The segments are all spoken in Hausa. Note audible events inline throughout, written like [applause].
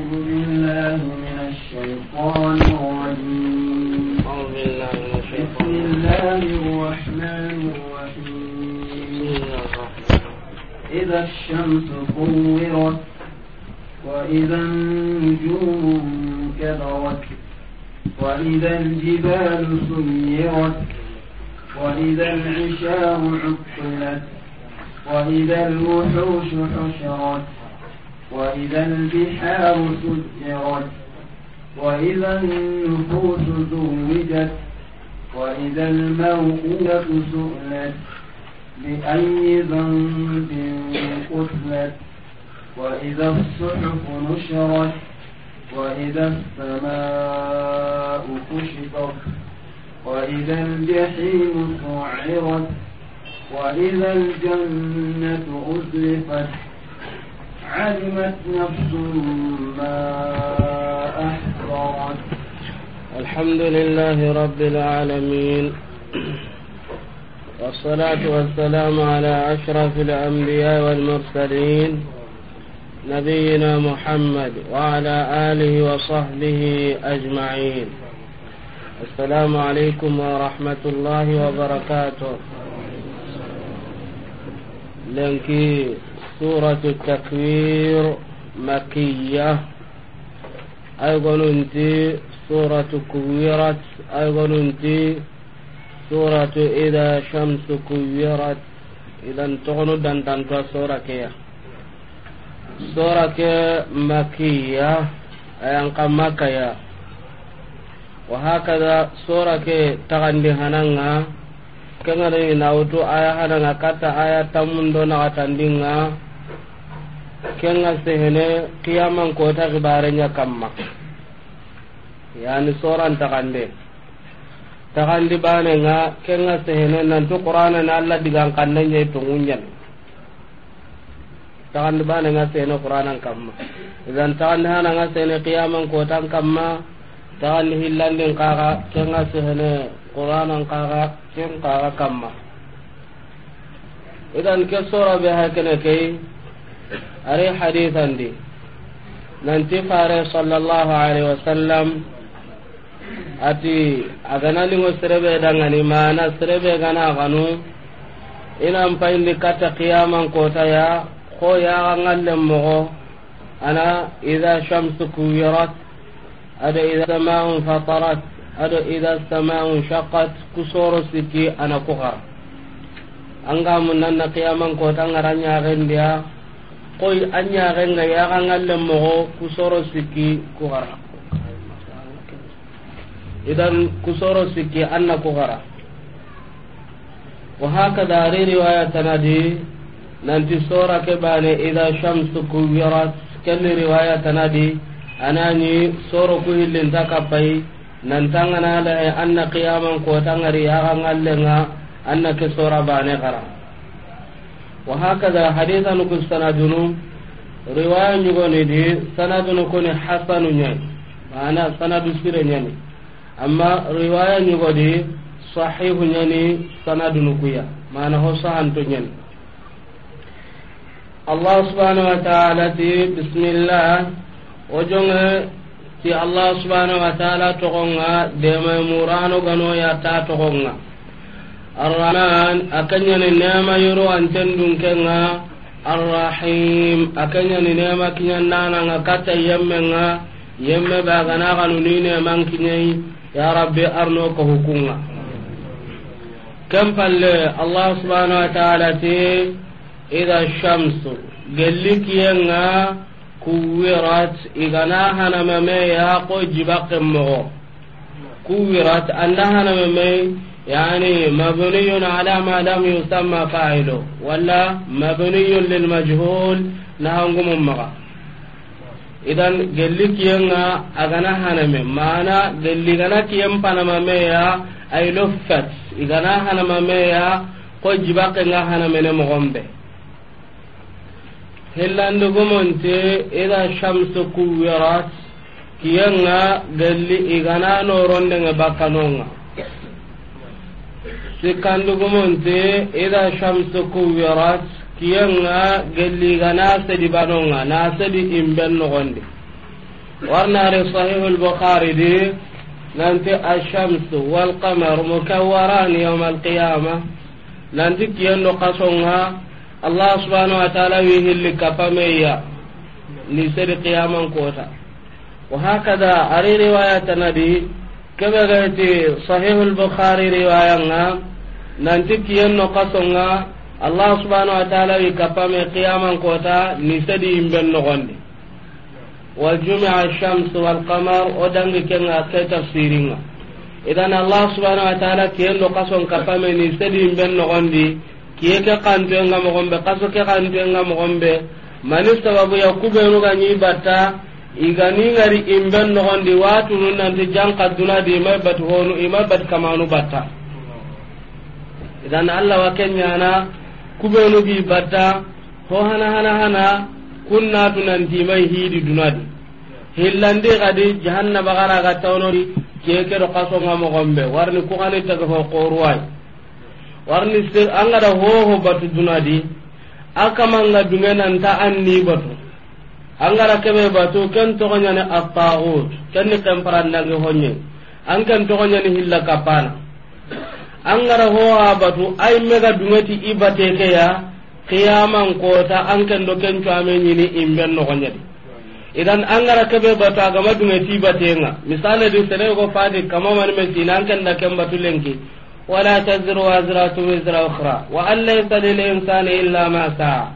أعوذ بالله من الشيطان الرجيم بسم الله الرحمن الرحيم إذا الشمس كورت وإذا النجوم كدرت وإذا الجبال سيرت وإذا العشار عطلت وإذا الوحوش حشرت وإذا البحار سجرت وإذا النفوس زوجت وإذا الموءودة سئلت بأي ذنب قتلت وإذا الصحف نشرت وإذا السماء كشطت وإذا الجحيم سعرت وإذا الجنة أزلفت علمت نفس ما أحضرت الحمد لله رب العالمين والصلاة والسلام على أشرف الأنبياء والمرسلين نبينا محمد وعلى آله وصحبه أجمعين السلام عليكم ورحمة الله وبركاته لنكي سورة التكوير مكية أيضا أنت سورة كويرت أيضا أنت سورة إذا شمس كويرت إذا تغنو دان دان سورة كيا سورة مكية أي أنقى مكية وهكذا سورة تغني هنانا كما نعوتو آية هنانا كتا آية تمندو نغتندينا kenga sehene qiyaman kota gibarenya kamma yani soran takande takandi bane nga kenga sehene nantu qur'ana na alla digan kanne nye tungunyan takandi bane nga sehene qur'ana kamma idan takandi hana nga sehene qiyaman kota kamma takandi hillandin kaga kenga sehene qur'ana kaka ken kaka kamma idan ke sora be hakene kee ari hadithandi nanti fare sallallahu alaihi wasallam ati aganalingo serebe dangani mana serebe gana ganu inan payindi katta qiyaman ya? ko ya yaxangallen moxo ana ida shamsu kuwirat ado ida samaun fatarat ado ida samaun shakat kusoro siki ana kuxar angamunnanna qiyaman kota ngara ñaxendiya koy anyaxenga yaxanga lemoxo ku soro sikki ku xara idan ku soro siki anna ku xara wahakada ri riwayatanadi nanti sora ke bane ida shamsu anani soro ku hillinta anna anna ke sora bane وهكذا حديث لك السند رواية نيغوني دي سند نكون حسن يعني معنى سند سير يعني أما رواية نيغودي صحيح يعني سند نكويا معنى هو صحن يعني الله سبحانه وتعالى بسم الله وجنه ti allah subhanahu wa ta'ala togonga dema murano gano ya ta togonga arrahman akanyani nema yoro anten dunkenga arrahim akanyani nema kinyandananga katta yemmenga yemme baganaganu ni neman kinyai ya rabbi arno ko hukunga kam allah subhanahu wa ta'ala te ida shamsu gellikiyenga kuwirat igana hanamame ya ko jibaqemmogo kuwirat anda hanamame يعني مبني على ما لم يسمى فاعله ولا مبني للمجهول نهنغم مغا idan gelli kiyenga agana haname mana gelli gana kiyen panamameya ay loffat igana meya ko jibake nga ne hanamene mogonɓe hillandugumonte ida shamsu kuwirat kiyenga gelli igana norondenga bakkanonga sikandugumonte ida shamsu kuwirat kiyenga gelliga na sedi banonga na sedi imben nogondi warnari sahihu lbukhari di nanti ashamsu walqamar mukawaran yauma alqiyama nanti kiyendo kasonga allah subhanahu wa taala wi hilli kapameya ni sedi qiyaman kota وهكذا أري رواية نبي كما قلت صحيح البخاري رواية nanti kiyenno kasonga allah subhanahu wa taala wi kapame qiyaman kota ni sedi yimben nogondi waljumia shams walqamar o dangi kenga ke tafsiringa idan allah subhanahu wa taala kiyenno kason kapame ni sedi yimben nogondi kiye ke kantuenga mogonɓe kaso ke nga kantuenga mogonɓe mani sababu ya kubenuga ñi batta igani ngari imben nogondi watunun nanti kaduna di mai bat honu imai bat kamanu batta idan allah wa kenyana kubenu gi batta ho hana hana hana kunna tunanti mai hidi dunadi hillandi gadi jahannaba gara ga tawnori keke do kaso nga mogombe warni ku kani taga ho qorwai warni se anga da ho ho batu dunadi aka manga dungena nta anni batu anga ra kebe batu ken to ganya ne at-taghut ken ni kamparan nangi honye an ken to ganya ni hilla kapana angara ho abatu ay mega dungati ibate ke ya ko kota an kan do ken to amen imben no gonyadi idan angara kebe batu agama dungati ibate nga misale di sene ko fadi kama man me sinan kan da kan batu lenki wala taziru wazratu wizra ukhra wa an laysa lil insani illa ma sa'a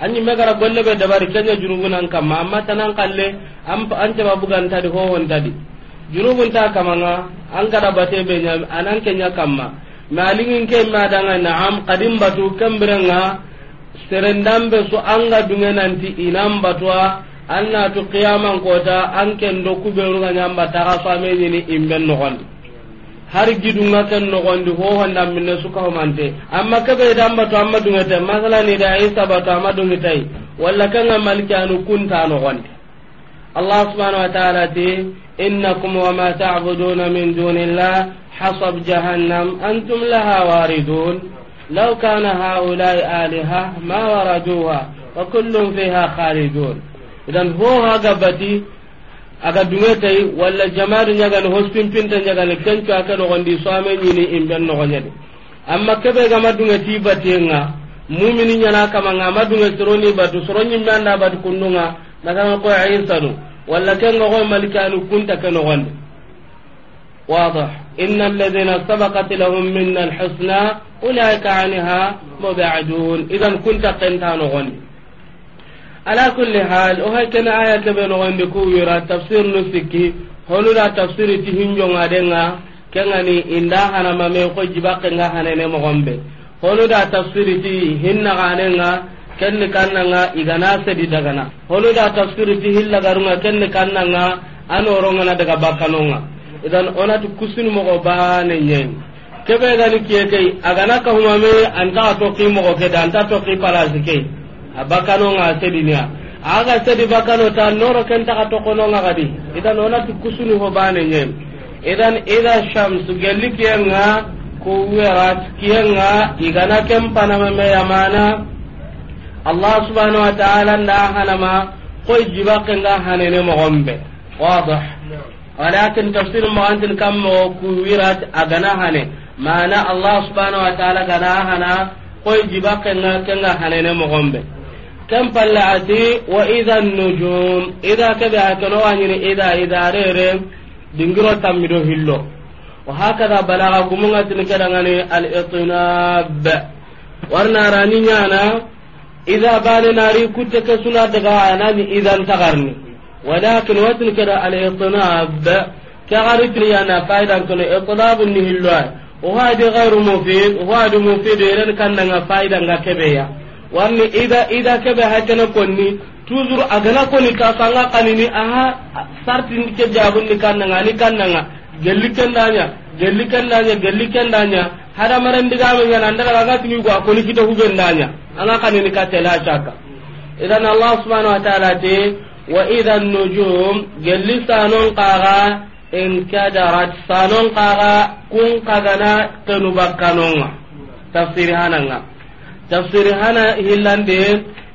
anyi megara golle be dabari kenya junugunan kama amma tanan kalle an an bugan tadi ho tadi junubun ta kamanga an kada bate be nya anan kenya kamma malingin ke ma danga am qadim batu kambrenga be so anga nanti inam batwa anna tu qiyaman kota an ken do kuberu ga nyamba ta ka fame ni imben no gondi har gidunga ken no gondi ho honda min suka ka mante amma ka be dam batu amma dungata masala ni da isa batu amma dungitai walla kan malika anu kunta no gondi allah subhanahu wa ta'ala ti innakum wa ma na min dunillah hasab jahannam antum laha waridun law kana haula'i aliha ma waraduha wa kullun fiha khalidun idan ho haga bati aga dungetai walla jamadu ñagani hospimpinta ka kencu ake nogondi soame ñini imben nogoñadi amma kebe gama dungeti batenga mumini ñana kamanga ama dunge soroni batu soro ñimbe batu kundunga مثلا قوي عيسى ولا كان غوي ملكان كنت كنغن واضح إن الذين سبقت لهم منا الحسنى أولئك عنها مبعدون إذا كنت قنت نغن على كل حال وهي كان آية بين غن كويرا تفسير نسكي هنولا تفسير تهنجون عدنا kengani inda hanama me ko jibakenga hanene mogonɓe honuda tafsiri ti hinnaganenga kenni kannanga igana sedi dagana holu da tafsiri ti hilla garunga kenni kannanga anorongana daga bakkanonga idan onati kusini mogo bane nyen. kebe gani kiye kei agana kahumame anta toki mogo kede anta toki palasi kei a bakkanonga sediniya aga sedi bakkano ta noro kentaka tokononga gadi idan onati kusini ho bane nyen. idan ida shamsu gelli kiyenga ko werat kiyenga igana kempanameme yamana allah subhanahu wa ta'ala nda hanama koy jibake nga hanene wadah walakin tafsir mogantin agana hane mana allah subhanahu wa ta'ala gana hana koy jibake nga kenga hanene ati wa nujum a keno wañini rere dingiro hillo wa hakada balaga gumungatini keɗangani al itinab warna rani idha bane nari kutte suna daga anani idan tagarni walakin watin kada al itnab tagari tiriya na faidan kono itnab ni hilwa o hadi ghairu mufid o hadi mufid eren kanda nga faidan ga kebeya warni ida ida kebe hakana konni tuzur agana koni ta sanga kanini aha sartin ke jabun ni kanda nga ni kanda nga gelli kendanya gelli kendanya gelli kendanya hada maran diga men ngana anda daga ga tinu ko ni kita huben danya anga kan ni ka tela shaka idan allah subhanahu wa ta'ala te wa idan nujum gelli sanon qaga in kadarat sanon qaga kun kagana kanu bakkanonga tafsir hananga tafsir hana hillande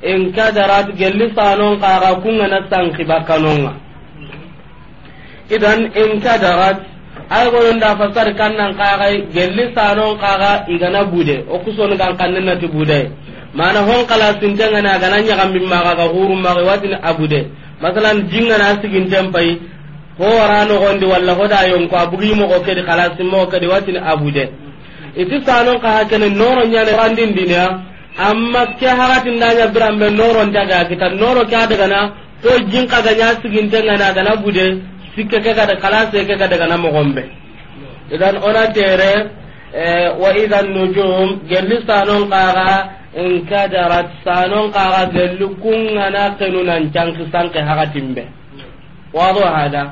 in kadarat gelli sanon qaga kun na sanki bakkanonga idan in kadarat ay gonon da fasar kannan kaga gelli sanon kaga igana bude o kusoni kan kannan na ti bude mana hon kala sintanga na ganan nya kan mimma kaga hurum ma watin abude masalan jinga na sigin tempai ho warano gondi walla ho da yon ko abugi mo ko kedi kala simmo ko kedi watin abude iti sanon kaga kenen noro nya ne randin dinya amma ke haratin danya birambe noro ndaga kita noro ka daga na ko jinka ga nya sigin tanga na gana bude sikke ke kada kala se ke kada kana mo gombe idan ona tere e, wa idan nujum gelli sanon qaga in kadarat sanon qaga gelli kungana kenunan canki sanke timbe. wado hada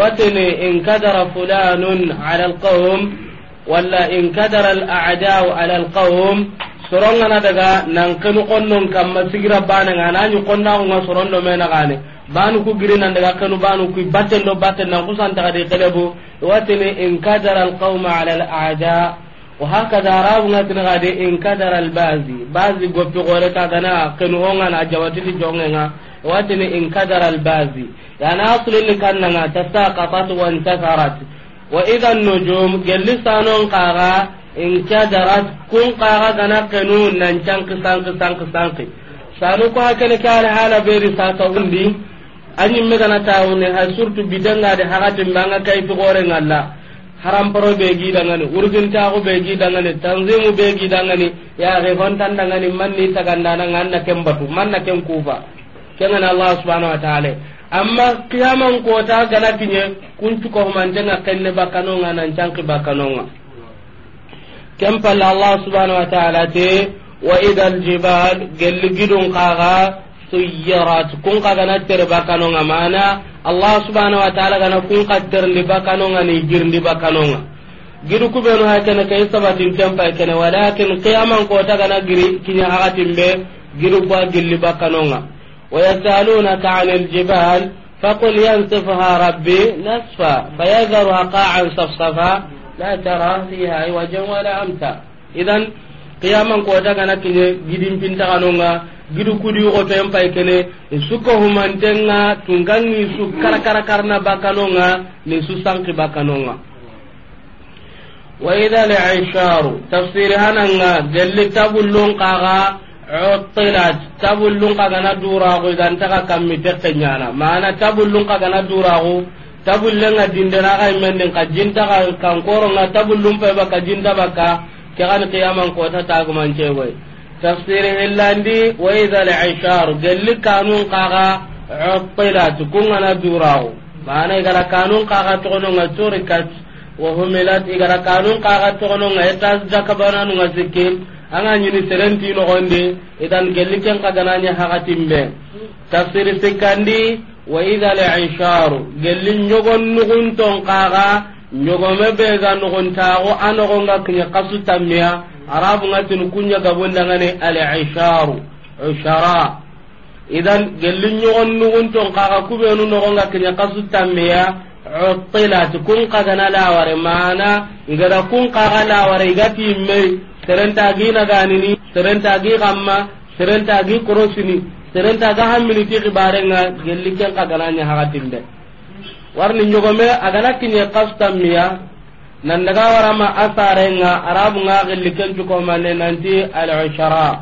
watini in kadara fulanun ala alqawm walla in kadara al'a'da'u ala alqawm sorongana daga nan kenu konnon kamma sigira bana ngana nyu konna ngon soron do mena gane banu ku nan daga kanu banu ku batten do batten nan kusan ta de kalebo watini in kadara alqauma ala aada wa hakada rabu ngatin kadi in kadara al bazi fi gore ka gana kanu onga na jawatini jongenga watini in kadara albazi yana aslin kannanga tasaqatat wa intasarat wa idha an-nujum gellisanon qaga in kadarat kun qara gana kanu nan canki sanki sanki sanki sanu ko hakene kare hala beri sata undi añimme gana tawune ha surtout bidangade haxatimbanga kayfixorengalla haramporo ɓe giidangani urgintaxu ɓe giidangani tanzimu ɓe giidangani yaxe hontandangani manni tagandananga an na ken batu man na ken kuufa kengani allah subhanau wa taala amma kiyamankoota gana kiñe kuncukoxumantenga kenne bakkanonga nan canki bakkanonga ken palla allah subhanau wa taala te wa ida aljibal gelli gidun xaxa suyarat kun ka gana tere bakanonga mana allah subhanahu wa ta'ala gana kun ka terndi bakanonga ni girndi bakanonga giru kubenu ha kene kay sabatin tempa kene walakin qiyaman ko ta gana giri kinya hakatin be giru ba gilli bakanonga wa yasalunaka 'anil jibal فقل ينسفها ربي نسفا فيذرها قاعا صفصفا لا ترى فيها عوجا ولا أمتا إذا قياما قوتا كان كي جدين بنتا gidu kudi goto en pay kene e suko humantenga tungangi su karakara karna bakanonga ni su sanki bakanonga wa idha al Aisharu tafsir hananga jalli tabullun qaga uttilat tabullun qaga na dura go dan taka kammi tekka nyana mana tabullun qaga na dura go tabullenga dindena ga menden ka jinta ka kankoro nga tabullun pe baka jinta baka ke qiyamang ko ta manche cegoy tafsir hillandi wa idha al-ishar galli kanun qaga uqilat kungana durao mana igara kanun qaga togono nga turikat wa humilat igara kanun qaga togono nga etas jakabana nga zikim anga nyini serenti no gonde idan gelli ken kagana nya hakatimbe tafsir sikandi wa idha al-ishar gelli nyogon nugun ton qaga kasu arabu ngatin kunya gabonda ngane al isharu ishara idan gelin nyogon nugun ton kaga kubenu nogon ga kenya kasu tammiya utilat kun kaga na laware mana ngada kun kaga laware igati me serenta gi na ganini serenta gi kamma serenta gi korosini serenta ga hammini ti kibarenga gelin ken kaga na nya hagatin de warni nyogome agana kenya kasu tammiya nan daga warama asarenga arabu nga gelli kencu ko manne nanti al ishara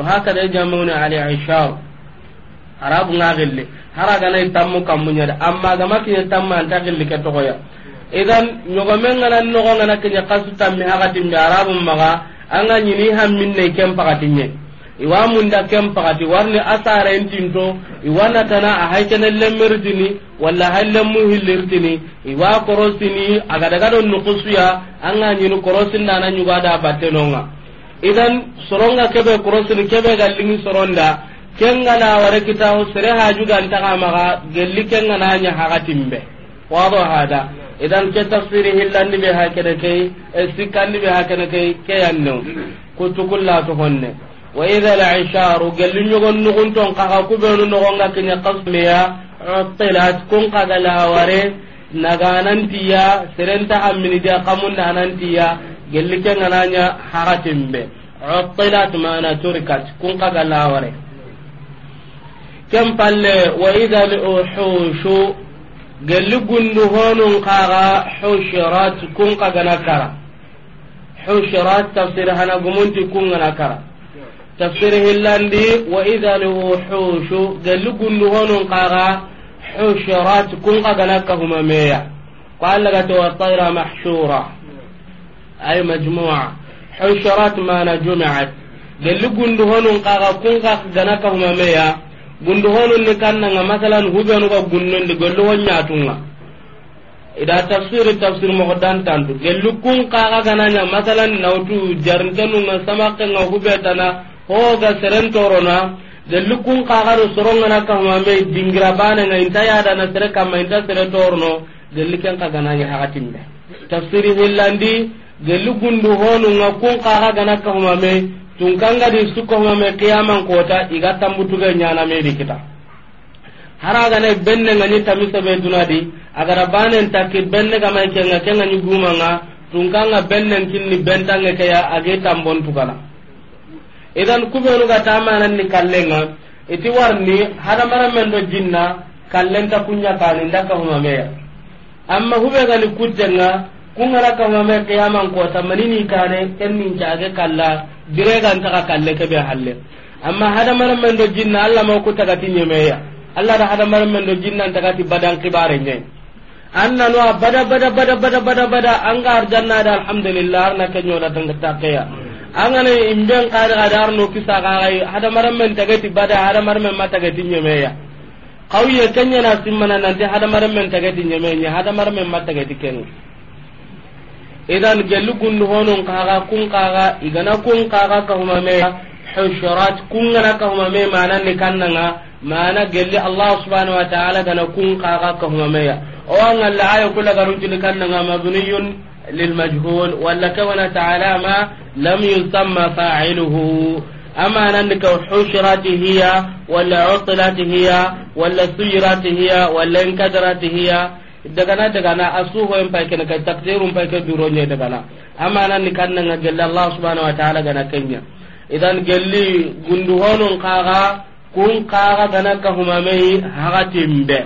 wa hakada jamuna al ishar arabu nga gelli haraga nay tammu kamunya da amma ga makinya tamma anta gelli to ya idan nga nan nogonga nakenya kasu tammi hakatimbe arabu maga anga nyini minne kem pakatinya iwa munda kem pakati warni asara entinto iwana tana a haykene lemmirtini walla hay lemmu hillirtini iwa korosini agadagado nukusuya anga ñini korosindana ñugada battenonga idan soronga kebe korosini kebe gallingi soronda kengana ware kitahu sere hajugantagamaga gelli kengana ña hagatimbe wado hada idan ke tafsiri hillandi be hakene kei e sikkandi be hakene kei keyannew kutukulla to honne wa idha al-isharu galli nyogon nugun ton kaka kubenu nogonga kenya qasmiya utilat kun kaga laware naganantiya serenta hamminidiya kamunda anantiya gelli kengananya haratimbe utilat mana turikat kun kaga laware kem palle wa idha al-uhushu gelli gundu honun kaga hushirat kun kaga nakara hushirat tafsir hana gumunti kun tafsir hillandi wa idha al-wuhushu galli gundu honon qaga husharat kun qaga nakahuma meya qala ga to at hoga seren torona gelli kun kagaru sorongana dingra dingira banenga inta na sere kamma inta sere torno gelli ken kaganani hakatimbe tafsiri hillandi gelli gundu nga kun tungkanga gana suko tunkangadi me kiyaman kota iga tambutuge ñanamedi kita haragana bennenga ni be dunadi agara banen takki benne gamay kenga kenga ni gumanga tungkanga benne kinni bentange keya age tambon tukana idan kuɓenuga tamananni kallenga iti warni hadamaramen ɗo jinna kallenta kuñakani ndaka humameya amma huɓegani kuttenga kugaraka humame kiyamankotamanini kane kenincage kalla diregantaka kalle keɓe halle amma hadamaramen ɗo jinna allah maku tagati ñemeya allah ɗa hadamaramen ɗo jinna tagati badan kiɓare ñai annanoa bada bada bada bada bada bada anga arjannade alhamdulillah arna keñoɗatagtakeya mm -hmm. angana imben kada kada arno kisa kagai hada marammen tagati bada hada marammen ma tagati nyemeya kawiye kenya na simmana nanti hada marammen tagati nyemenya hada marammen ma tagati kenga idan gelu gundu honon kaga kun kaga igana kun kaga ka huma me hushurat kun ngana ka huma me manan kanna nga mana gelli allah subhanahu wa ta'ala gana kun kaga ka huma me o an alla ayo kula garunti ni kannanga mabniyun للمجهول ولا كونت علامة لم يسمى فاعله أما عندك حشرت هي ولا عطلت هي ولا سيرت هي ولا انكدرت هي dagana dagana a suhoyen payke na kai takdirun payke duronye dagana amma nan ni kan nan gelle Allah subhanahu wa ta'ala gana kenya idan gelli gundu honon kaga kun kaga gana ka humamai haga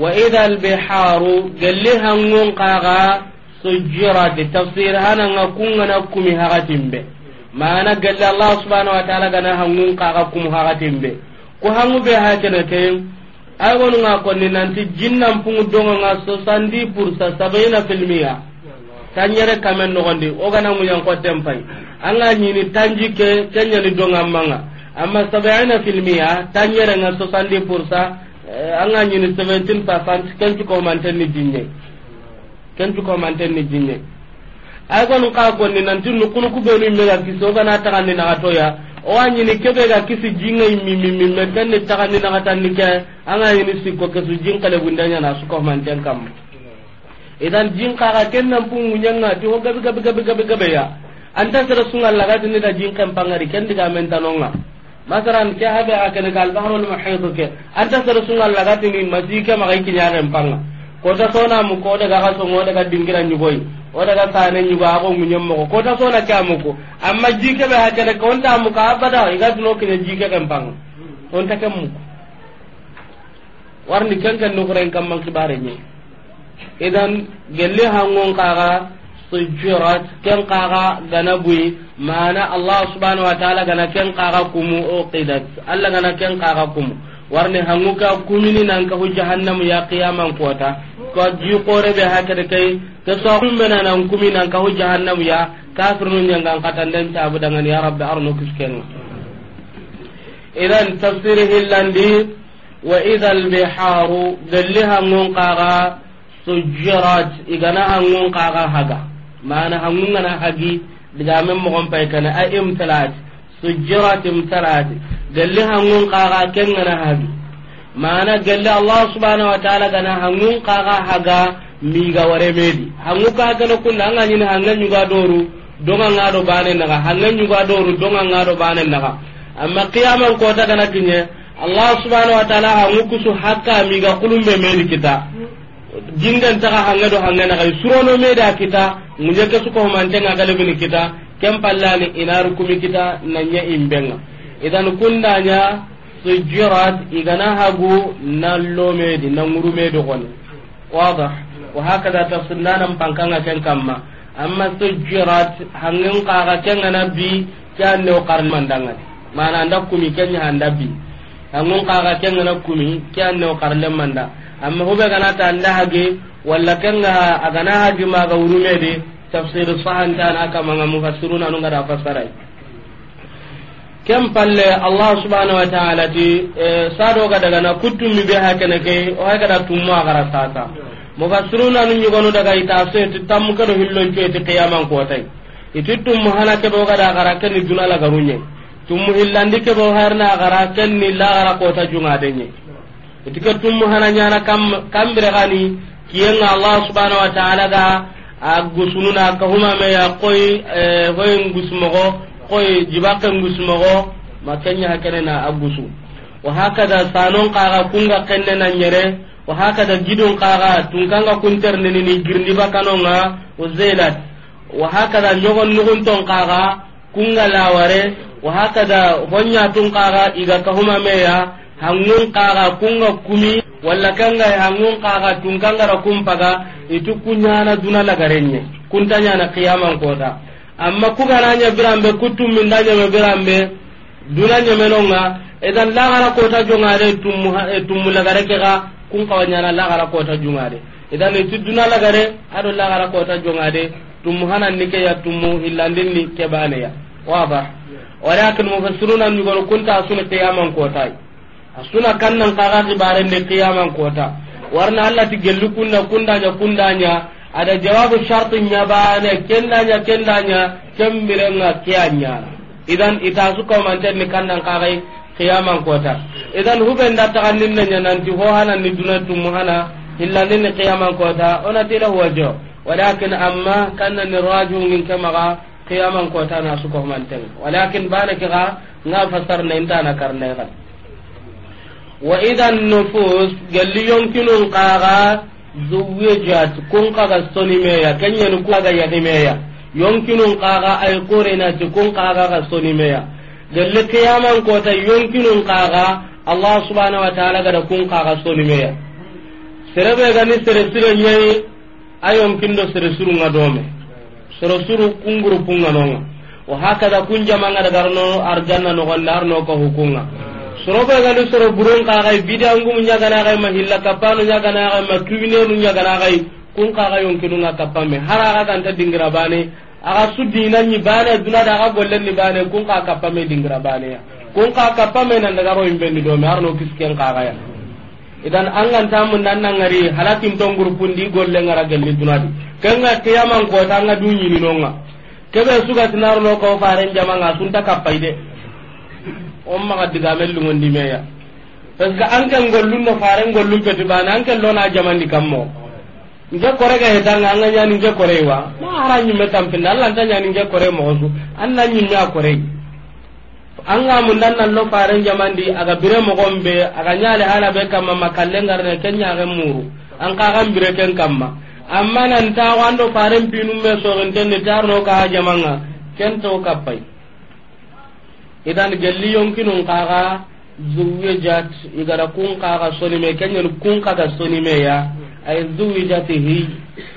wa idal biharu gelli hangon kaga sujjirati tafsir hananga kungana kumi hakatimbe mana galle allah subhanahu wa ta'ala gana hangun kaga kum ko hangu be ay wonu nanti pungu donga filmiya tanyere kamen anga tanji ke donga manga amma filmiya tanyere eh, anga 17 kencu komanten ni jinye ay gonu ka gonni nanti nukunu kubenu imme ga kisi ogana taxandi naxa toya owa ñini keɓe ga kisi jingai mimimimme ken ni taxandi naxa tanni ke anga ñini sikko kesu jinqelegundañana sukomanten kamma idan jinkaxa ken nan punguñanga ti ho gabi gabi gabi gabi gabeya anta sera sungallagatini da jinken pangari ken digamentanonga masaran ke habe a kene ka albaharul muhitu ke anta sera sungallagatini masike maxay kiñaxen panga kota sona mu ko daga ka songo daga dingira nyugoi o daga sane nyugo ago munyem mo kota sona kya mu ko amma jike be hakene ko onta mu ka abada iga tuno kene jike kan bang onta kan mu warni kan kan no kren kam man kibare ni idan gelle hangon kaga sujurat ken kaga gana bui mana allah subhanahu wa ta'ala gana ken kaga kumu o qidat allah gana ken kaga kumu warni hanguka kumini nan ka hu jahannam ya qiyaman kota to ji kore be hakere kai ke so kumbena nan kumi nan ka ya kafir nun nyanga katan den ta abu dangan ya rabbi arno kisken idan tafsir hillandi wa idal biharu igana hangun haga mana hangun hagi diga mo gon pay kana imtalat imtalat ken hagi mana gelle allah subhanahu wa ta'ala gana hangun kaga haga miga ware medi hangu ka gana kunna anga nyina hanga nyuga doru donga ngado bane naga hanga nyuga doru donga ngado bane naga amma qiyamam ko ta gana kinye allah subhanahu wa ta'ala hangu kusu hakka miga kulumbe medi kita jingan taga hanga do hanga naga surono meda kita munye ke suko mantenga galibini kita kem pallani inaru kumi kita nanya imbenga idan kundanya sujjirat igana hagu nallomedi nangurumedi goni wadah wahakada tafsir nanan pankanga ken kamma amma sujjirat hangin kaga kengana bi kanne o karni mandangani mana anda kumi bi hangin kumi manda amma ta anda hage walla agana hage urumedi tafsir da fasarai kem palle allah subhanahu wa ta'ala ti e, sado ga daga na kutum mi be hakene ke o ga da tummo agara sasa mufassiruna nu nyugonu daga ita se ti tammu kado hillon ke ti qiyaman ko tai iti tummo hana ke bo ga da agara ken ni dunala garunye tummo hillandi ke bo harna agara ken ni la agara ko ta junga denye iti ke tummo hana nyana kam kambere gani kiyenga allah subhanahu wa ta'ala ga a gusununa me ya koy e, hoy ngusumogo koy jibaken gusmogo makenya hakene na agusu wa hakada sanon kaga kunga kenne na nyere wa hakada gidon kaga tunkanga kunterne ni girni bakanonga uzailat wa hakada nyogon nugun ton kaga kunga laware wa hakada honya tun kaga iga kahuma meya hangun kaga kunga kumi walla kanga hangun kaga tunkanga ra kumpaga itu kunyana duna lagarenye kuntanya na kiyaman kota amma kugananya biranɓe kuttumminda ñeme biranɓe duna ñemenonga edan lagara kota jongade tummu eh, lagare kega kun kawañana lagara kota jungade edan itu duna lagare aɗo lagara kota jongade tummu hananni keya tummu hillandinni kebaneya waba walakin mufassiruna ñugono kunta asuni qiyaman kotay asuna kannan kaga ne qiyaman kota warna allah ti kunda gelli kunna kunda nya. ada jawabu sharti nyabane kendanya kendanya kemmirenga kiyanyana idan ita su mante ni kandang kagai kiyaman kota idan huben da tagannin nanya nanti ho hana ni tu muhana illa ni kiyaman kota ona tira wajo walakin amma kanna ni raju min kamaga kiyaman kota na su ko manten walakin bana kiga nga fasar na inta na karne wa idan nufus galli yonkinun qaga zuwejat kun kaga soni meya kenyen ku kaga yagi meya yonkinun kaga ay korena ti kun kaga ga soni meya dalle kiyaman ta yonkinun kaga allah subhanahu wa ta'ala ga kun kaga soni meya serebe gani sere sire yayi ayon kindo sere suru ngadome sere suru kunguru kunga nonga wa hakada kun manga daga no arjanna no gonnar no ko hukunga sorobe galu soro buron gana bidangumu mahilla ma nya gana ñaganaxay ma gana ñaganaxay kun kaxa kapame kappanme haraxa ta dingira bane suddi su nyi bane ga axa ni bane kun ka kapame dingira baneya kun ka nan kappanme nandagaro do me arno kisken kaxaya idan an ta mun nan nan ngari halatin ton gurupun di golle ngara gelli dunadi kenga kiyaman ko tanga dunyi ni nonga kebe suga tinarno ko faren jamanga sunta de on maga digame lungondi meya parce que anke gollunno fare gollum peti bana anke lona jamandi kammo nke korega hetanga anga ñani nke korewa ma ara ñimme tampinde alla nta ñani nke kore mogosu an na ñimme a korey anga mundan nan lo faren jamandi aga bire mogon be aga ñale hala be kamma ma kalle ngarne ken ñagen muru an ka kagan bire ken kamma amma nan ta an do faren pinum be soxintenne tarno kaha jamanga ken to kappay idan gelli yonkinun kaga zuwijat igara kun kaga sonime kenyen kun kaga sonime ya ay hi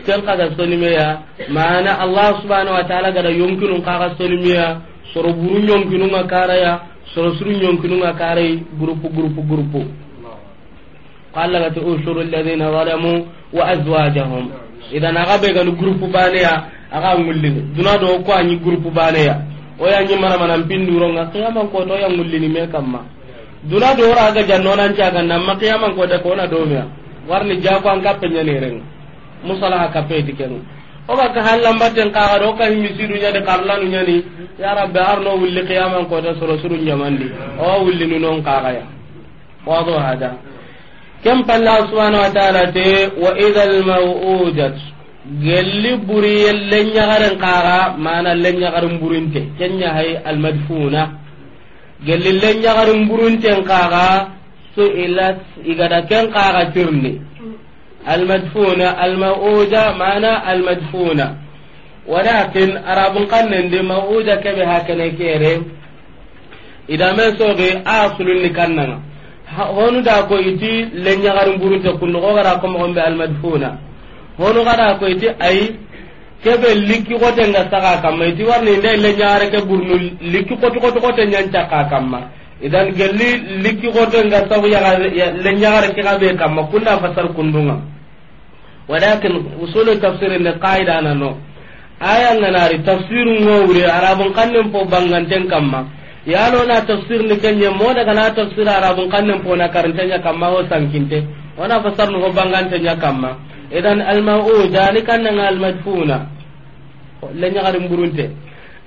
ken kaga sonime ya mana allah subhanahu wa ta'ala gara yonkinun kaga sonime ya soro buru yonkinun ka kara ya soro suru yonkinun ka kara grupu grupu grupu qala la tu'shuru alladhina zalamu wa azwajahum idan aga be ganu grupu bane ya aga ngulli duna do ko anyi grupu bane ya oya nyi mara mana pinduro nga qiyamam ko to yang me kamma duna do ora ga janno nan ja ga namma qiyamam ko da ko na do me warni ja an kappe nyane ren musala ka pe dikenu o ba ka hallam batten ka ga do ka misiru nya de kallanu nya ni ya rabbi arno wulli qiyamam ko da soro suru nyamandi o wulli nu non ka ga ya wado hada kam palla subhanahu wa ta'ala te wa idhal maw'udatu gelli buriye lenyagaren kaga mana lenyagaren burinte kenya hay almadfuna gelli lenyagaren burinte kaga su'ilat igada ken kaga tirni almadfuna almauja mana almadfuna walakin arabun di mauja kebe hakene kere idame soge asulunni kannanga honu da ko iti lenyagaren burinte kunno gara ko mo be almadfuna honu kada ko iti ay kebe likki kote nga saka kamma iti warni ne ile nyaare ke burnu likki kote kote kote nyanta ka kamma idan gelli likki kote nga sabu ya le nyaare ke kabe kamma kunna fasar kundunga walakin usul tafsir ne qaida nano aya nganari tafsir ngowre arabun kannen po bangan banganten kamma yalo na tafsir ni kenye mo daga na tafsir arabun kannen po na karantanya kamma ho sankinte wana fasar no bangantenya kamma idan kanna almawjani kannanga almadfuna lenyagarin burunte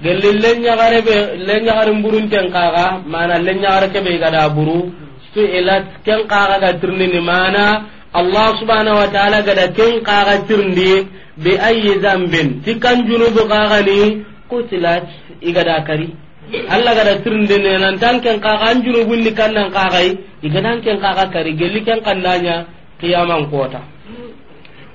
gelli lenyagare be lenyagarin burunten kaga mana lenyagare kebe gada buru su ilat ken kaga ga tirnini mana allah subhanahu wa ta'ala gada ken kaga tirndi bi ayi zambin tikan junubu kaga ni kutilat igada kari allah gada tirnde ne nan tan ken kaga an junubun ni kannan kaga igada ken kaga kari gelli ken kannanya qiyaman kota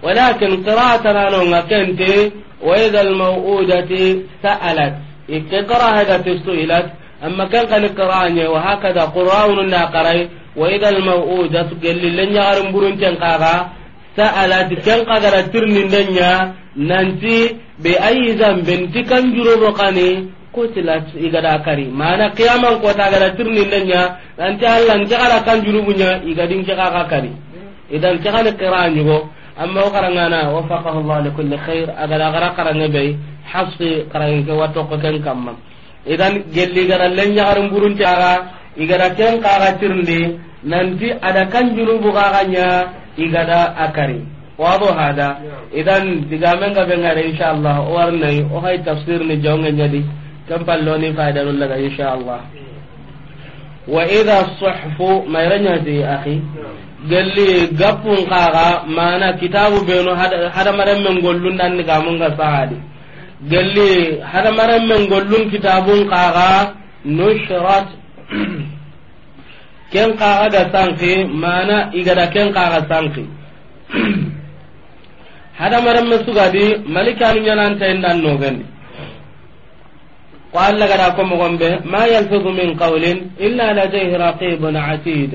walakin qira'atana no ngakente wa idha al-maw'udati sa'alat ikkara hada tusuilat amma kan kan qira'anya wa hakada qira'un na qarai wa idha al-maw'udatu gallillan yarin burun tan kaga sa'alat kan kagara tirnin danya nanti be ayi zambin tikan juro bokani kotilat igada kari mana qiyaman kota gada tirnin danya nanti allah njakara kan juru bunya igadin jakaka kari idan jakana qira'anya amma o karangana wafaqahu allah li kulli khair agara gara karange be hasi karange ke wato ko ken kamma idan gelli gara lenya garum burun tiara igara ken kaga tirndi nanti ada kan junubu kaganya igada akari wado hada idan digamen ga bengare inshallah o warnai o hay tafsir ni jonge nyadi kam palloni faida lullaga inshallah wa idha as-suhfu mayranyati akhi gelli gappun kaga mana kitabu beno hadamaren men gollun gamun ga sahadi gelli hadamaren men gollun kitabun kaga nushrat [clears throat] ken kaga ga sanki mana igada ken kaga sanki [clears throat] hadamaren men malikan yanan ta indan no gani qalla gada ko gombe ma yalfidu min qawlin illa ladayhi raqibun atid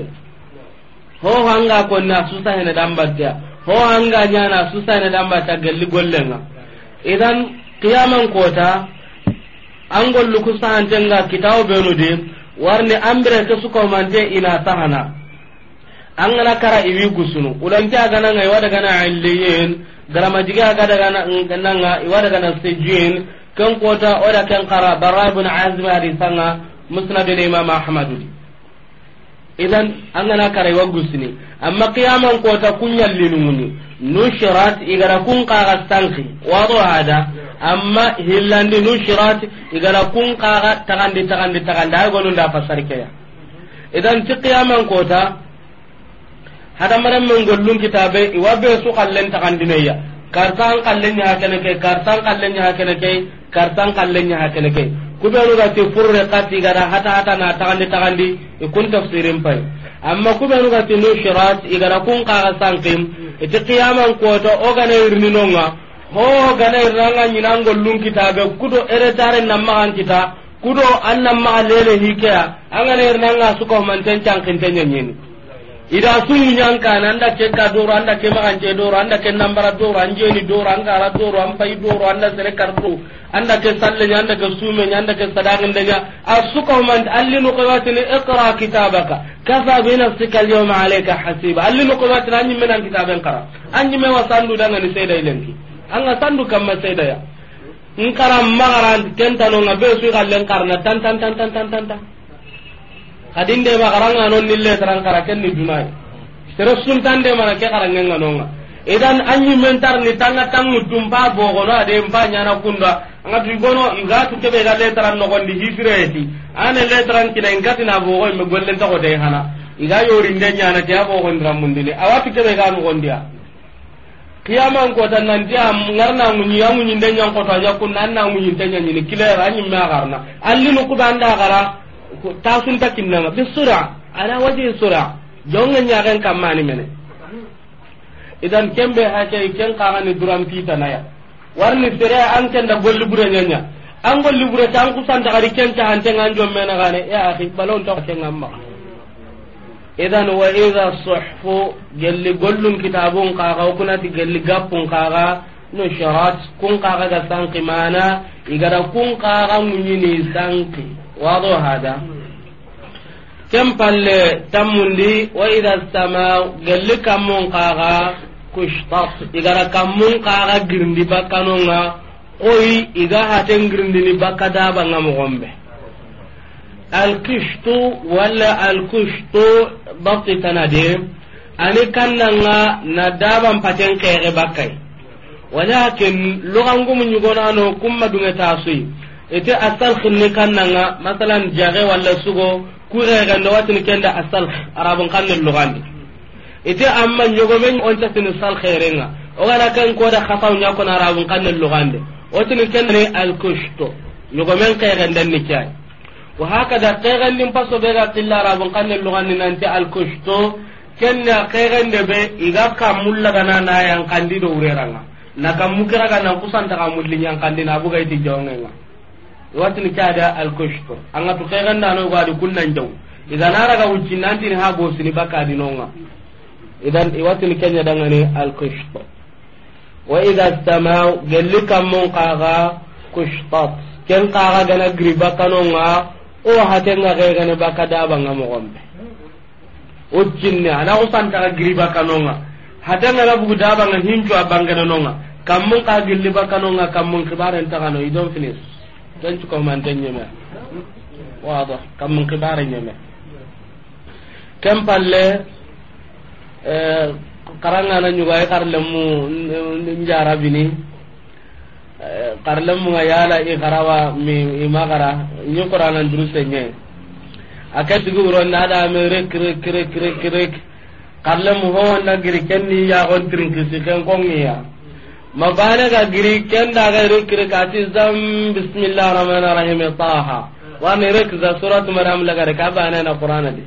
ho hanga konna susa hene dambatta ho hanga nyana susa hene dambatta galli gollenga idan qiyaman kota an gollu kusahantenga warne benudi warni ambire ke sukomante ina sahana an gana kara iwi gusunu ulanke gana iwa dagana illiyin garamajige aga dagananga iwa dagana sijin kan kota oda kan kara bara ibn sanga musnad al imam ahmadudi idan an gana wa gusini amma qiyaman kota linuni nushirat igara kun kaga stanki wado hada amma hillandi nushirat igara kun kaga tagandi tagandi tagandi ay gonu da fasarkeya idan ti qiyaman kota hada maran mun gollun kitabe iwabe su kallen ya kartan kallen ya hakene ke kartan kallen ya hakene ke kartan kallen ya hakene ke kubenu gati furre kati gara hata hata na tagandi tagandi ikun tafsirin pai amma kubenu gati nushirat igara kun kaga sankim iti qiyaman koto ogana irninonga ho gana irnanga nyinangollun kitaga kudo ere dare nammagan kita kudo an nammaga lele hikeya angana irnanga sukohmanten cankintenya nyini ida sunu ñankana anda ke ka doro anda ke maxance doro anda ke nambara doro an jeni doro an gara doro an pay doro anda sere karto anda ke salleña anda ke sumeña anda ke sadagindeña a sukahumant allinu qewatini iqra kitabaka kafa binafsika alyawma alayka hasiba allinu qewatini an ñimmenan kitaben kara an ñimme wa sandudangani seeda ilenki anga sandu kamma seedaya nkara magaranti kentanonga be sui xallen karna tan tan tan tan tan tan tan kadin de ba karanga non nille taran karaken ni dunai tere suntan de mana ke karanga nganonga idan anyi mentar ni tanga tangu tumpa bogo no ade mpa nyana kunda anga tu gono nga tu kebe ga le taran no gondi hisreti ane le taran kina ngati na bogo me golle ta ko de hana iga yori nde nyana ke abo gondra mundile awatu kebe ga no gondia kiyaman kota nanti a ngarna munyi ya munyi nde nyan kota ya kunna anna munyi nde nyan ni kilera anyi ma garna alli no kubanda gara tasunta kinnanga bisura ala waji sura jonga mene idan kembe ken warni an kenda golli bure ñaña an golli bure ta an kusantakadi ken cahantenga an jommena gane idan wa suhfu gelli kitabun kaga kunati gelli gappun kaga no sharat kun kaga sanki mana igara kun kaga munyini sanki واضح هذا كم قال تمندي وإذا السماء قال لك من قاغا كشطط إذا كمون قاغا قرندي بكانونا قوي إذا هاتن قرندي بكدابا نمغمبه الكشط ولا الكشط ضبط تناديم ani kannanga na daban paten kege bakkai walakin lugangumu ñugonano kumma dunge tasui ite asalh ni kannanga masalan jage wala sugo kuxeexende watini kende asalh arabun kanni lugandi ite amma ñogomen ontatini salherenga ogana ken koda hafaw ñakon arabun kanni lugande otini kendeni alkushto ñogomen xeexendenni keay wa hakada xeexendin paso ɓega qilla arabun kanni lugandi nanti alkushto kenne a xeexende ɓe iga kammullagana nayankandi do wureranga na kammukiraga nan kusantaxa mulli ñankandi na bugayti jawngenga watini kada al kushtu anga to kay ganda no gadi kunnan jaw idan araga wujin nanti ha go sini baka di nonga idan watini kenya dangane al kushtu wa idha samaa gelika mon qaga kushtat ken qaga gana griba kanonga o hatenga kay gane baka da banga mo gombe wujinne ana usanta griba kanonga hatanga labu da banga hinjo abanga nonga kamun ka gilli baka nonga kamun kibaren tagano idon finish ken cukamante ñeme wado mun kibare ñeme ken palle eh, karangana ñugayi e kar lemu njarabini eh, kar lemunga yala e garawa mi imagara ñi quranan duruse ñe a ke tigi wuronna me rek rek rek rek rek kar ho na giri ken ni yaxon trinkisi ken kongiya mabane ga giri kenda ga rikri kati zam bismillah rahman rahim taha warni rikza suratu maryam la ga ka bana na qur'ana di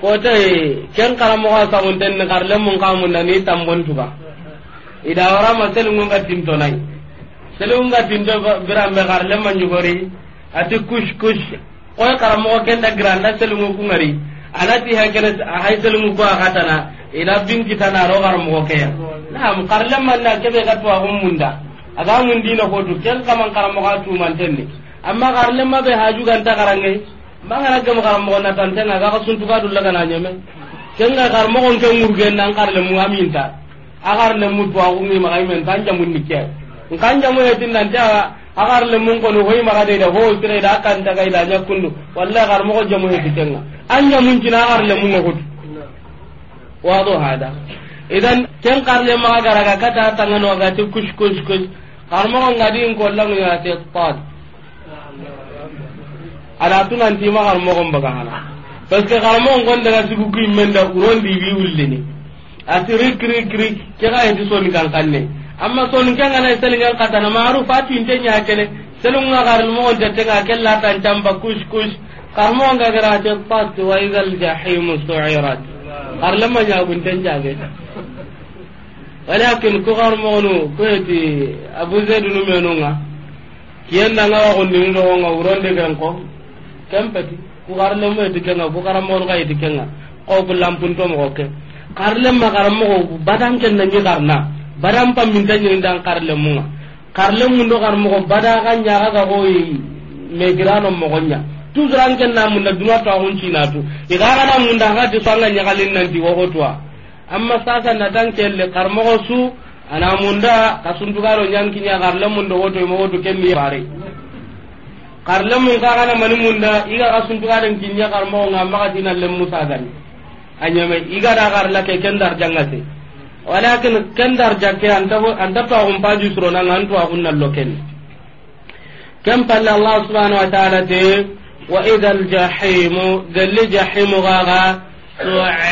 ko tay ken karamo ga samun ten ne karle mun kamun na ni tambon tuba ida wara ma masel mun ga tinto nay selun ga tinto biram be karle man jugori ati kush kush ko karamo ga kenda granda selun ku ngari anati hakene hay selun ku akatana ila bin kitana ro karamo ko kaya naam karlem man na kebe ga to agum munda aga mun dina ko to kel kaman karam ga tu man tenni amma karlem ma be haju gan ta karange mangara gam karamo na tan tan aga suntu ga dulla kana nyame ken ga karmo kon ken murgen nan karlem mu aminta agar ne mu to a ni ma ay men tan jamun ni ke kan jamu tin nan ta agar le mun no hoy ga de da ho tre da kan ga ila nya kundu wallahi gar mo jamu he dikenga an jamun kina agar le mun ko do hada idan ken karle ma garaga kata tangano ga ti kush kush kush karmo ngadi in kollam ya te pad ala tunan ti ma karmo gon baga hana parce que karmo gon daga sigu ki menda uron di ni ullini rik rik rik ke ga enti soni kan kanne amma soni kan ana selinga kata na maru fatu inte nya kene selunga karmo gon tete ga kella tan tamba kush kush karmo ga gara te pad wa igal jahim su'irat arlama ñagunten jage walakin ku xarmogonu koyeti abu zeidunu menunga kiyendanga waxundini doxonga wuronde ken ko kempeti ku xarlemoyeti kenga ku xaramogonu xayiti kenga xooku lampuntomoxo ke xarlema xaramoxo badan kennangi xarna badan pamminta ñinindan xarlemunga xarlemundo xarmoxo bada xa ñaxaga xooyi megirano moxoña toujours an kenna munda duna to hun cina tu igara na munda ha ti sanga nyagalin nan ti woho tuwa amma sasa na tan kelle karmogo su ana munda kasundugaro nyanki nya garle munda woto mo woto kemmi bare karle mun ka kana mani munda iga kasundugaro kinya karmogo ngamma katina lemmu sagani anyame iga da garla ke kendar jangate walakin kendar jakke anta anta to hum paju suro nan antu akunna lokeni kam palla allah subhanahu wa ta'ala te وإذا الجحيم ذل جحيم غاغا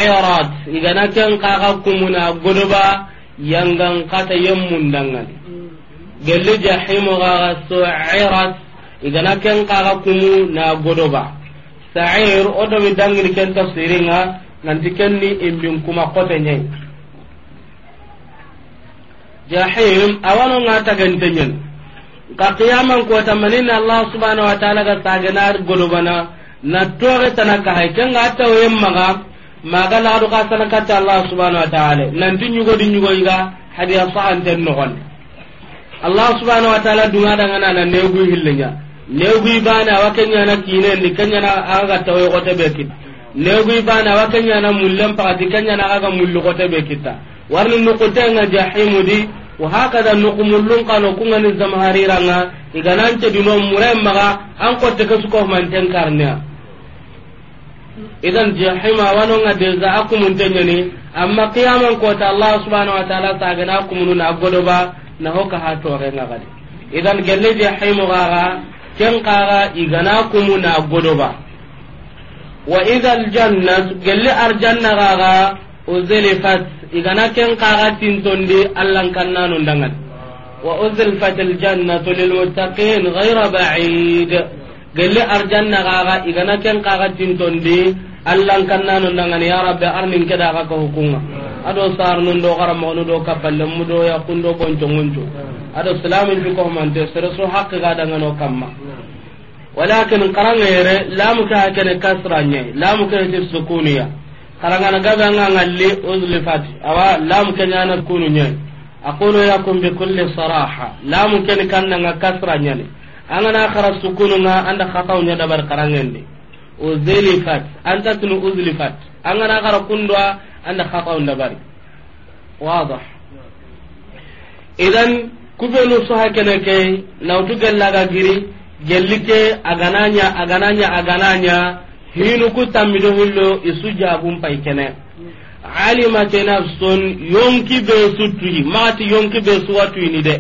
سعرت إذا نكن كان قاغكمنا قلبا ينغن قتا يمون دنغن ذل جحيم غاغا سعرت إذا نكن كان قاغكمنا قلبا سعير أدو دنغن كان تفسيرنا nanti kenni imbin kuma kote nyai jahim awano ngata gentenyen ka qiyaman kota manina allah subhanahu wa ta'ala ga sagana golobana na tore tana ka hay kenga ta oyen maga maga la do ka sana kata allah subhanahu wa ta'ala nan tinyu go dinyu go iga hadiya sahan tan no gon allah subhanahu wa ta'ala dunga daga na na negu hillenya negu bana wa kenya na kinen ni kenya na aga ta oyen kota bekit negu bana wa kenya na mullen pakati kenya na aga mullu kota bekita warni nukutenga jahimu di wa hakada nukumulun kano kungani zamhariranga iganance dino muren maga an kotte ke suko manten karnea idan a wanonga deja akumuntenyani amma qiyaman kota allah subhanahu wa taala na sagana akumununa agodoba nahoka ha torenga gadi idan gelle jahimu gaga ken kaga igana kumuna ba wa idan idha aljannat gelle arjanna gaga fati. igana ken kaga tintondi allan kannano dangan wa uzlfat aljannatu lilmuttaqin ghayra ba'id gelle arjanna kaga igana ken kaga tintondi allan kannano dangan ya rabbi arnin keda ga ko hukunga ado sarnun do garamonu do kapalle mu do yakundo bonco ngonco ado salamin bi ko mante sere so haqqi ga dangano kamma walakin qarangere lamu ka kene kasranye lamu ka tis sukuniya karangana gabe anga ngalli uzlifat awa lam kenyana kunu nyani aqulu lakum bi kulli saraha lam ken kanna nga kasra nyani angana khara sukunu nga anda khatau nya dabar karangende uzlifat anta tunu uzlifat angana khara kundwa anda khatau dabar wadah idan kubenu soha kene ke nautu gelaga giri giri agananya agananya agananya agananya hinu ku tammido hullo isu jabun pay kene alima ke nafsun yonki be tuyi maati yonki be suwatuyini de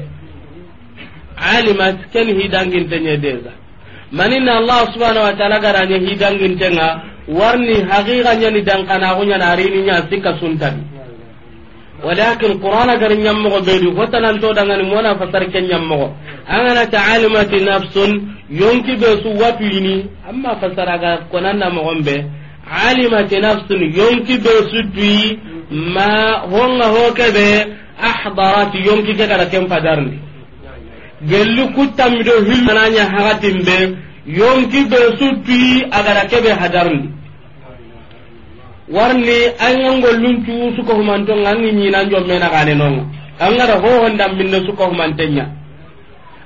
alima ken hidangintenye desa maninna allah subhanau wa taala garanye hidangintenga warni haqiqa ñani dankanaxuñana arini ña sikka suntani walakin qur'ana gari ñammogo ɓeydu fotanantodangani mona fasar ke ñammogo angana ta alimati nafsun yonki be su watu yini amma fasara ga konan na mo gombe alimat nafsun yonki be su tuyi ma honga hoke be ahdarat yonki ke kada kem padarni gellu kutamido hilmananya hagatin be yonki be su tuyi agara kebe hadarni warni an yangollun cuwu suko humantonga an ŋi ñinan jommena gane nonga humantenya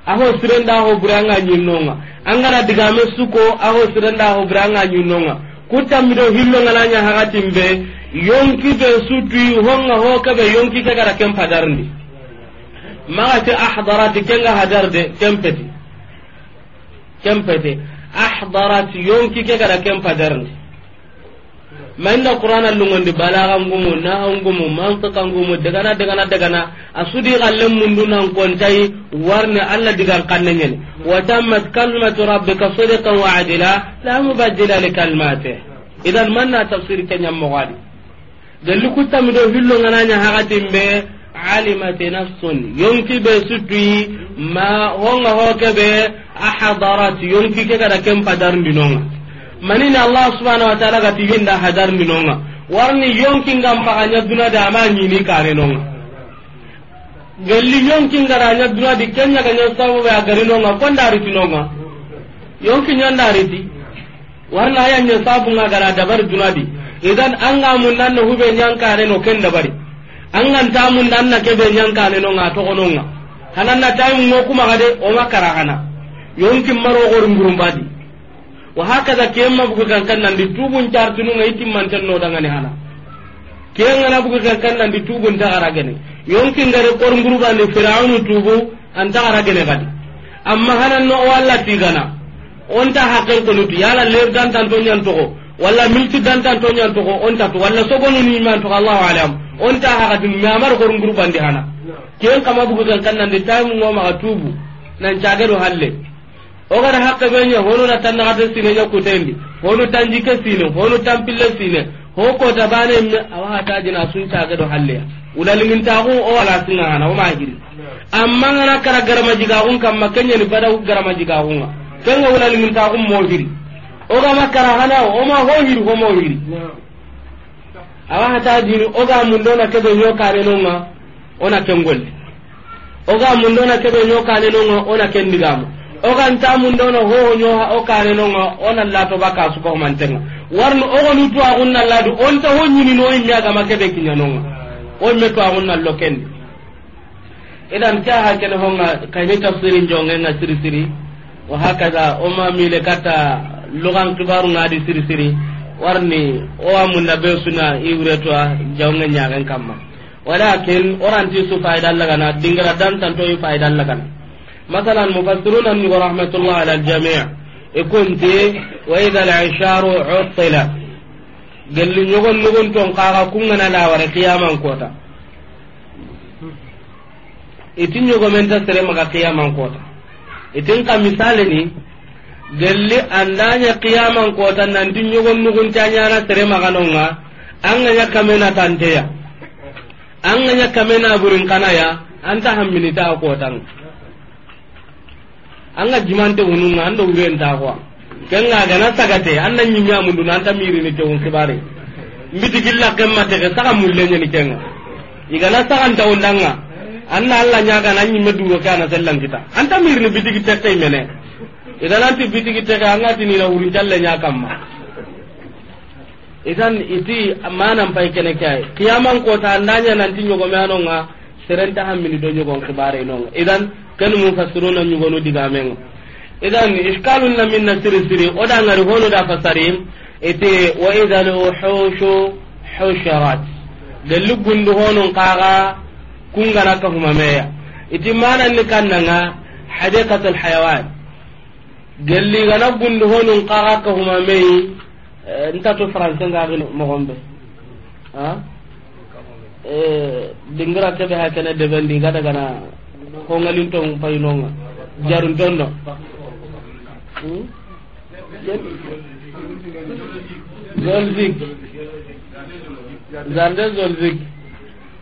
aho sirenda ho buranga nyinonga angara digame suko aho sirenda ho buranga nyinonga kutamido hillo ngalanya mbe yonki be sutu honga ho ka kabe yonki tagara kem padarndi maga te ahdarati kenga hadarde kempeti kempeti ahdarat yonki kegara kempa padarndi manna qur'ana lungondi balaga ngumu na ngumu mantaka ngumu dagana dagana dagana asudi galle mundu nan kontai warne alla digan kannenyen wa tammat kalimatu rabbika sidqan wa adila la mubaddila li kalimatihi idan manna tafsir kenyam mogadi galli kutamido hillo ngananya hagatimbe علمت نفس يمكن بسدي ما هو هو كبه أحضرت يمكن كذا كم فدرن دينونا manini allah subhanahu wa ta'ala ga tiginda hajar ndinonga warni yonkinga mpaganya duna da ama nyini kane nonga gelli yonkinga da anya duna di kenya ganya sabu gari agari nonga konda riti nonga yonkin yanda riti warna aya nya sabu nga gara dabar duna di idan anga mun nan hube nyanka ne no kenda bari angan ta mun dan na kebe nyanka ne nonga to kononga hanan na tayi mo kuma gade o makara kana yonkin maro gorum gurum badi wa hakaza ma bugu kan kan nan di tubun cartinu ngai timman tan no ni hana ke na bugu kan kan nan di tubun ta yonki ngare kor nguru ba ni fir'aunu tubu an ta aragene gadi amma hanan no walla tigana on ta hakkan ko lutu yala le dan tan to nyan togo wala milti dan tan to nyan togo on ta to wala sogonu ni man to Allahu alam on ta hakadin mi amar nguru ba ndi hana ken kama bugu kan kan nan di tamu ngoma tubu nan cagado halle ogara hakke ɓeñe honuna tan naxata sineña kutendi honu tan jike sine honu tan pille sine ho kota banemme awahatajina sun cage ɗo halleya ku? o wala singana woma hiri amma na kara garama jigaxun kamma keñeni badagu garama jigaxunga kenga ulalingintaxun mo hiri ogama kara hana oma ho hiri homo hiri awahatajini oga mundona keɓe ñokanenonga ona ken golle oga mundona keɓe ñokanenonga ona ken ndigamo ogan tamundono ha o kanenonga onan latoba kasuko mantenga warno ogonu twaxunna ladu onta ho ñinino imme agama keɓe kiñanonga on me twaxunnallo kendi idan ke ha kene honga kayni tafsiri na siri siri wa hakaza oma mile kata lugan kibaru ngadi siri siri warni owa na be suna iwretwa jawnga ñagen kamma walakin oranti su fayda allagana dingira dantanto i fayda allagana مثلا مفسرون النبي رحمة الله على الجميع كنت وإذا العشار عطل قال لي نغن نغن تنقاغا كنا لا وري قياما كوتا itin yogo men ta sere maga qiyaman kota itin ka misale ni gelli andanya qiyaman kota nan tin yogo nugun tanya na sere maga nonga anga nya kamena tanteya anga nya kamena burin kanaya an anta hamminita ko tanga an anga jimante ununga ando ubenta kwa kenga gana sagate an anna nyinya mundu ta miri ni tewun kibare mbiti gilla kemma te ke saka mullenye ni kenga igana saka an na anna alla nyaga nan nyimme duro kana sellan kita ta miri ni bitigi tete mene idan an ti bitigi an anga tini na urin challe nyakamma idan iti manan pai kene kai kiyaman ko ta andanya nan tinyo go meano nga serenta hammini do nyogon kibare non idan ken mufassiruna diga men idan iskalun na minna siri siri oda ngari honu da fasarim ite wa idha al-wuhushu husharat gallu gundu honun qaga kungana ka huma meya iti mana ni kannanga hadiqatul hayawan galli gana gundu honun qaga ka huma meyi eh, nta to france nga gino mo gombe ha eh dingra tebe kana de bendi gada gana ko ngalin to pay nonga jarun tondo hmm? zolzik zande zolzik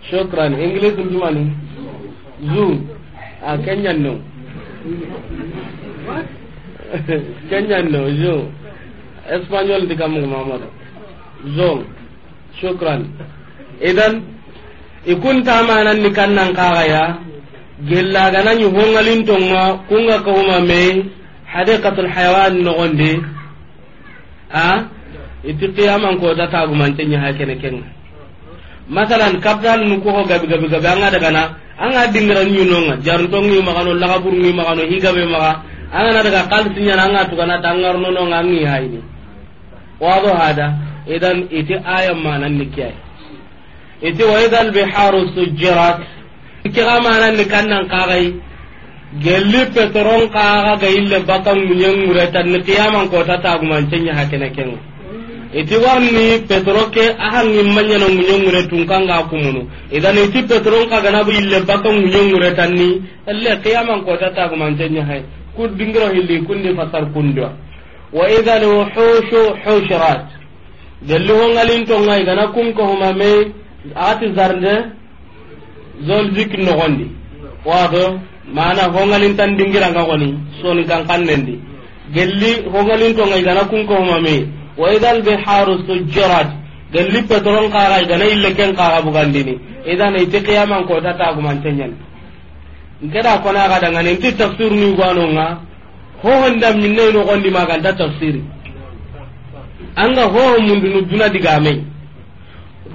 shukran english ndumani zoo a kenyan no [laughs] kenyan no zoo espagnol dikamugo mamado zoo shukran idan ikuntamananni kannan kaxaya gellagana ñuhongalin tonga kunga kahuma hadikatul hayawan nogondi a iti qiyamankota tagumante ñaha kene kenga masalan kapital nu koho gabi gabi gabi anga dagana anga dingiran ñunonga magano magano higabe maga angana daga kalsiñana anga tugana angi hayni wado hada idan iti aya manan nikiyai iti wa albiharu kira mana ni kannan kagai gelli petron kaga ga ille bakam munyen murata ni kiyaman ko ta taguman cenya hakene ken iti warni petroke ke ahan ni manya no munyen kan kanga kumunu idan iti petron kaga na ille bakam munyen murata ni alle kiyaman ko ta taguman cenya hay ku dingro hilli kunni fasar kundwa wa idha al-wuhushu hushrat gelli hongalin to ngai gana kum ko huma me ati zarnde zol zikr no gondi wato mana hongalin tan dingira nga goni soni kan kannendi gelli hongalin to ngai gana kun ko mame wa idal biharu sujjarat gelli petron kara gana ille ken kara bugandini idan ite qiyaman ko tata guman tenyen ngeda kona ga daga ne ti tafsir ni gwano nga ho honda minne no gondi maga da tafsiri anga ho mundu duna diga me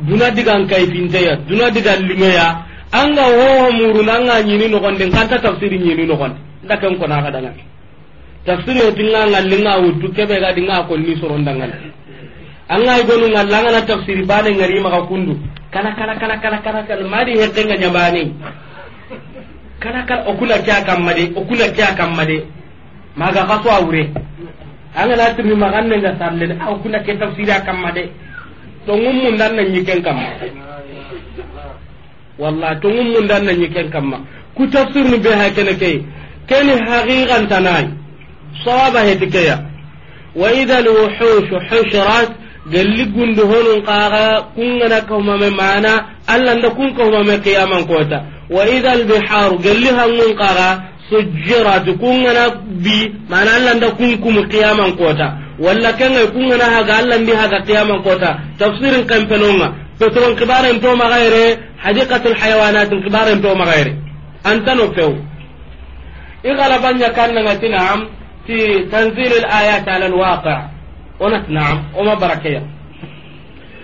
duna diga kai pinte ya duna diga limeya an ga wo muru nanga nyini no gonde kanta tafsiri nyini no gonde nda kan ko na ga daga tafsiri o tinga ngalle nga wutu kebe ga dinga ko ni soro ndanga anga igonu ngalla nga na tafsiri bane ngari ma ka kundu kala kala kala kala kala kala mari hedde nga nyabani kala kala okula kya kamade okula kya kamade maga kaso awure anga na tumi maganne nga sarle okula ke tafsiri kamade to ngum mun nan nyiken kamade wallahi to mun mun dan nan ken kamma ku tafsir ni be hakene ke keni haqiqan tanai sawaba hetikeya wa idha al-wuhush hushirat galli gundu honun qaga kungana kauma me mana alla nda kun ka kauma me qiyaman kota wa idha al-bihar galli hangun qaga sujjirat kungana bi mana alla nda kun kum qiyaman kota walla kenga kungana haga alla ndi haga qiyaman kota tafsirin kampenonga sotoron kibaren to magayre hadiqatul hayawanat kibaren to magayre antano few igala banya kanna ngati na'am ti tanzil al ayat ala al waqi' onat na'am o ma barakaya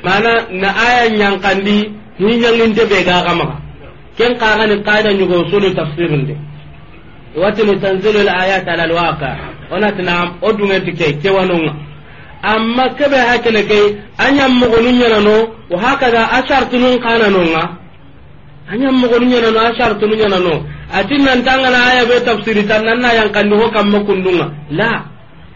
mana na aya nyankandi ni nyanginte be ga kama ken ka kaga ni qaida nyugo sulu tafsirin de watin tanzil al ayat ala al waqi' onat na'am o dungenti ke ke wanonga amma kebe hakele kay anya mogonu nyanano wa hakada ashartunun kananonga anya mogonu nyanano ashartunun nyanano atin nan tangana aya be tafsiri tan nan na yang kandi ho kam makundunga la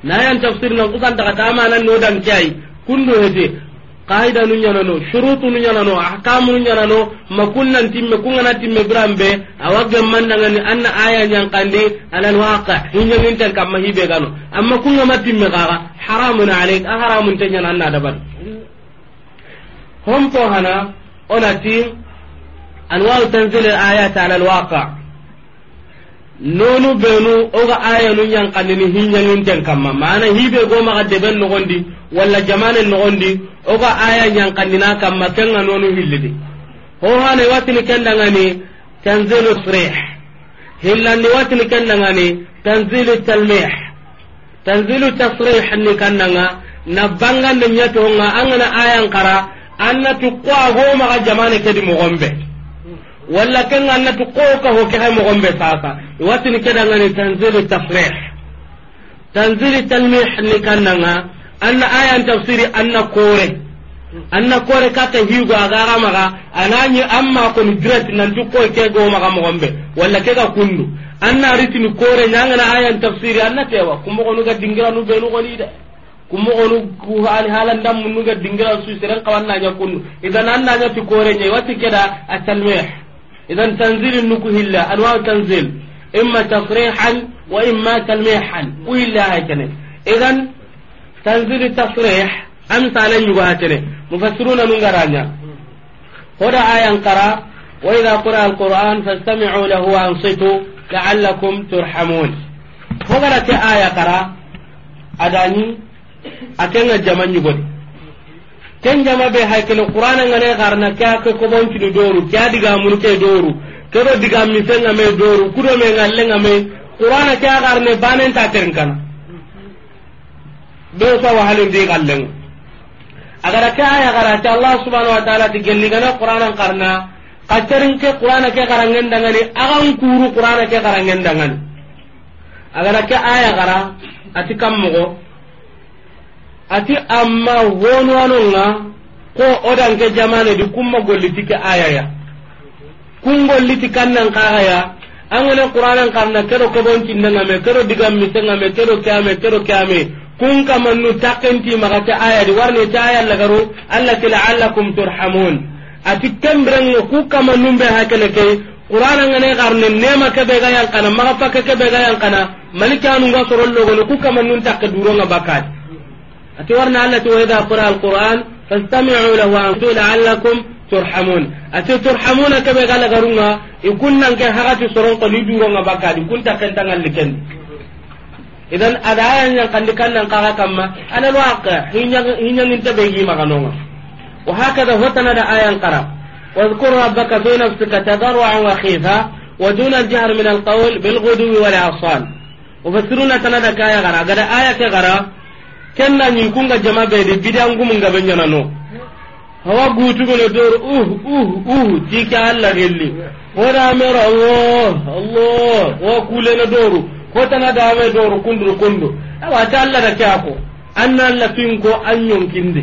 na yang tafsir nan kusan daga ta ma nan no dan kai kundo hede qaida nu ñanano surutu nu ñanano ahkamu nu ñanano makunnan timme kungana timme biranɓe awa gemmandangani anna aya ñankandi alal waqa huñanginten kamma hiɓe gano amma kungama timme kaxa haramun alayk a haramun te ñana anna daban hon po hana onati anwau tanzil ayat ala alwaqa nonu benu oga aya ayanu yankanini hinyanginten kamma mana hibe gomaga deben nogondi walla jamanen nogondi oga aya yankandina kamma kenga nonu hillidi hohana watini kendangani tanzilu srih hillandi watini kendangani tanzilu talmih tanzilu tasrih ni kannanga na bangan nyato nga angana ayan kara annatu kwa gomaga jamane kedi mogombe wala ken annati ko ka ho ke mo gombe sasa ni keda ni tanzilu tafrih tanzilu talmih ni kannanga anna ayan tafsiri anna kore anna kore ta higo agara maga anani amma ko ni direct nan tu ko ke go maga mo gombe wala ke ga kundu anna ritini kore na ayan tafsiri anna tewa kumbo ko nuga dingira nu benu ko ni de kummo ku hali halan dam nuga dingira su seren kawanna ja kunu idan anna nya ti kore nyi wati keda atalmeh idan tanzilin nuku hilla anwa tanzil imma tasrihan wa imma talmihan ku hilla hakene idan tanzil tasrih amsalan yugo hakene mufassiruna nun garanya hoda ayan qara wa idha qira alquran fastami'u lahu wa ansitu la'allakum turhamun hogara ta aya qara adani akenga jaman yugodi ken jama be haykele qur'ana ngane garna kya ke ko bonci do doru kya diga mun ke doru ke do diga mi sen ngame doru kudo me ngalle ngame qur'ana kya garne banen ta tern kana do sa wa halin di gallen agara kya ya gara ta allah subhanahu wa ta'ala ti gelli gana qur'ana garna kacarin ke qur'ana ke garangen dangani agan kuru qur'ana ke garangen dangani agara kya aya gara ati kammo ati amma honuwanonga ko odanke jamanedi kumma gollitike ayaya kun golliti kannan kaxaya angene qur'anan karna kedo keboncinnangame kedo digammisengame kedo kyame kedo keame kun kamannu takkenti maxate ayadi warnete aya lagaru allati laallakum turhamun ati kembirenga ku kamannumbe hakene ke qur'ana ngane garne nema ke be ga yankana maga pakke ke be ga yankana malika anu ga soron logo ku kaman nun takke duro nga bakat أتورنا التي وإذا قرأ القرآن فاستمعوا له وأنتوا لعلكم ترحمون أتي كما قال غرونا يكون نانك هغتي سرون قليدو رونا بكاد يكون تكن تنال لكن إذن أدعايا ينقل لكان ننقاها كما على الواقع هنا ننتبه هما غنونا وهكذا هتنا دعايا ينقرأ واذكر ربك في نفسك تضرعا وخيفا ودون الجهر من القول بالغدو والعصال وفسرونا تنادى كآية غراء قد آية غرا kenna ni kunga jama be de bidan gum ga benya nano hawa gutu gono dor uh uh uh tika alla gelli ora mero allah allah wa kule na doru ko tana da me doru kundu kundu awa ta alla da ko anna alla tin ko anyon kinde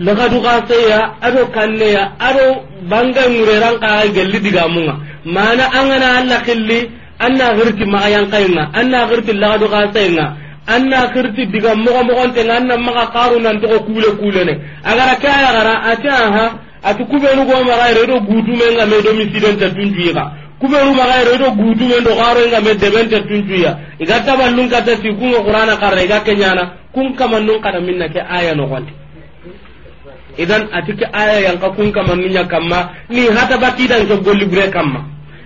laga ga saya ado kanne ya aro banga ngure ran ka gelli diga munga mana angana alla kelli anna girti ma yan kayna anna girti laga ga sayna anna khirti diga mogo mogo te anna maga qaru nan to kule kule ne agara kaya gara acha ha atu ru go maga re do gudu men ga me do siden ta tunjuiga kubenu maga re do gudu men do garo ga me deben ta tunjuiya iga ka ta ti kun qur'ana qarre ga kenyana kun kamannun kada minna ke aya no gonde idan atike aya yanka kun minna kamma ni hata batidan ke golli bure kamma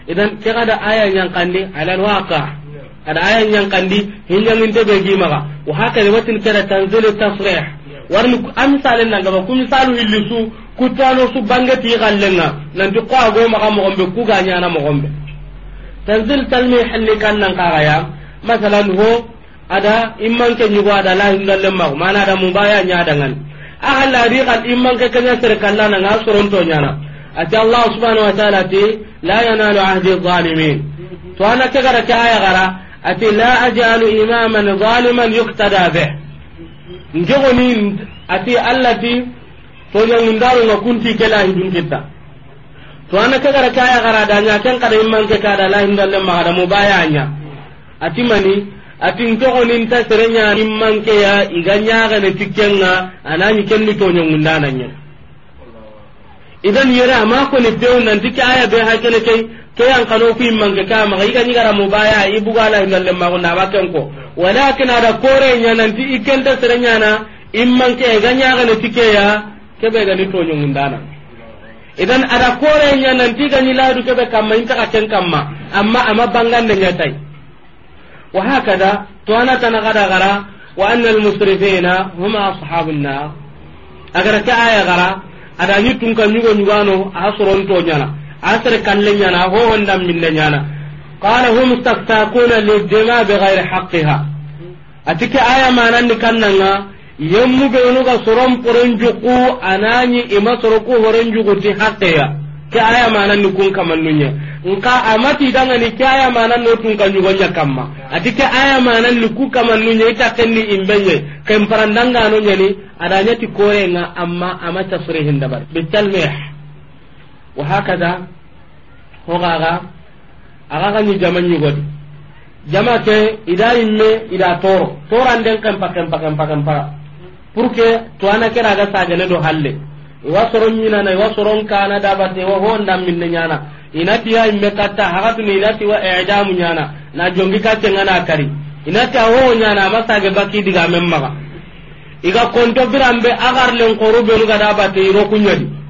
idan ke kada aya yankande alal waqa' ada ayan yang kandi hinga minta bagi maka maga wa haka ne watin kera tanzilu tasrih warni amisalen nan gaba ku misalu hillisu ku tano su bangati gallenga nan ti ko ago maga mo gombe ku ga nyana mo gombe tanzil talmih halli kan nan kaga ya masalan ho ada imman ke nyugo ada la hinda lemma mana ada mubaya nya dangan ahalla ri imman ke kanya serkalla nan asoron to nyana ati allah subhanahu wa ta'ala ti la yanalu ahdi zalimin to ana ke gara ke aya gara ati la ajalu imaman zaliman yuktada be njogoni ati allah ti toñangundarunga kunti ke lahidun kita to ana ka gara kaya gara danya kan kada ke kada lahindalle magada mo nya. ati mani ati njogoni ta serenya ke ya iga nyagane tikkenga anani kenni toñangundananye idan yara ma ko pew deun nan tikaya be hakene kai. ke yang kanu fi immange ka ma iga ni gara mubaya ibu gala inalle ma na ba kenko walakin ada kore nya nan ti ikenta serenya na imman ke ga nya ga ne tike ya ke be ga ni to nyu na idan ada kore nya nan ti ga ni ladu ke be ma inta ka ken ma amma amma bangan de tai wa hakada to ana tan gara gara wa anna al musrifina huma ashabun nar agar ka aya gara ada ni tun kan nyugo nyugano a soron to na asre kalle nyana ho hondam minne nyana qala hum istaktakuna lidima bighairi haqqiha atike aya manandi kannanga yemmu benuga soron poronjuku anani ima soroku horonjuguti haqqiya ke aya manandi kun kamannunya nka amati dangani ke aya manan no tun kan yugonya kamma ati ke aya manan ku kamannu nya ita kenni imbenye kan parandanga no nyani adanya ti korenga amma amata sore hindabar bitalmeh wa hakada hogaga aga ga ni jama nyugodi jama ke ida imme ida toro toran den kan pakem pakem pakem pour que to ana kera ga saga ne do halle wa soron nyina na soron kana da ba te wa honda minne nyana inati ya imme kata hagatu ni inati wa i'damu nyana na jongi ka tengana kari inati a ho nyana masage baki diga memma iga konto birambe da ba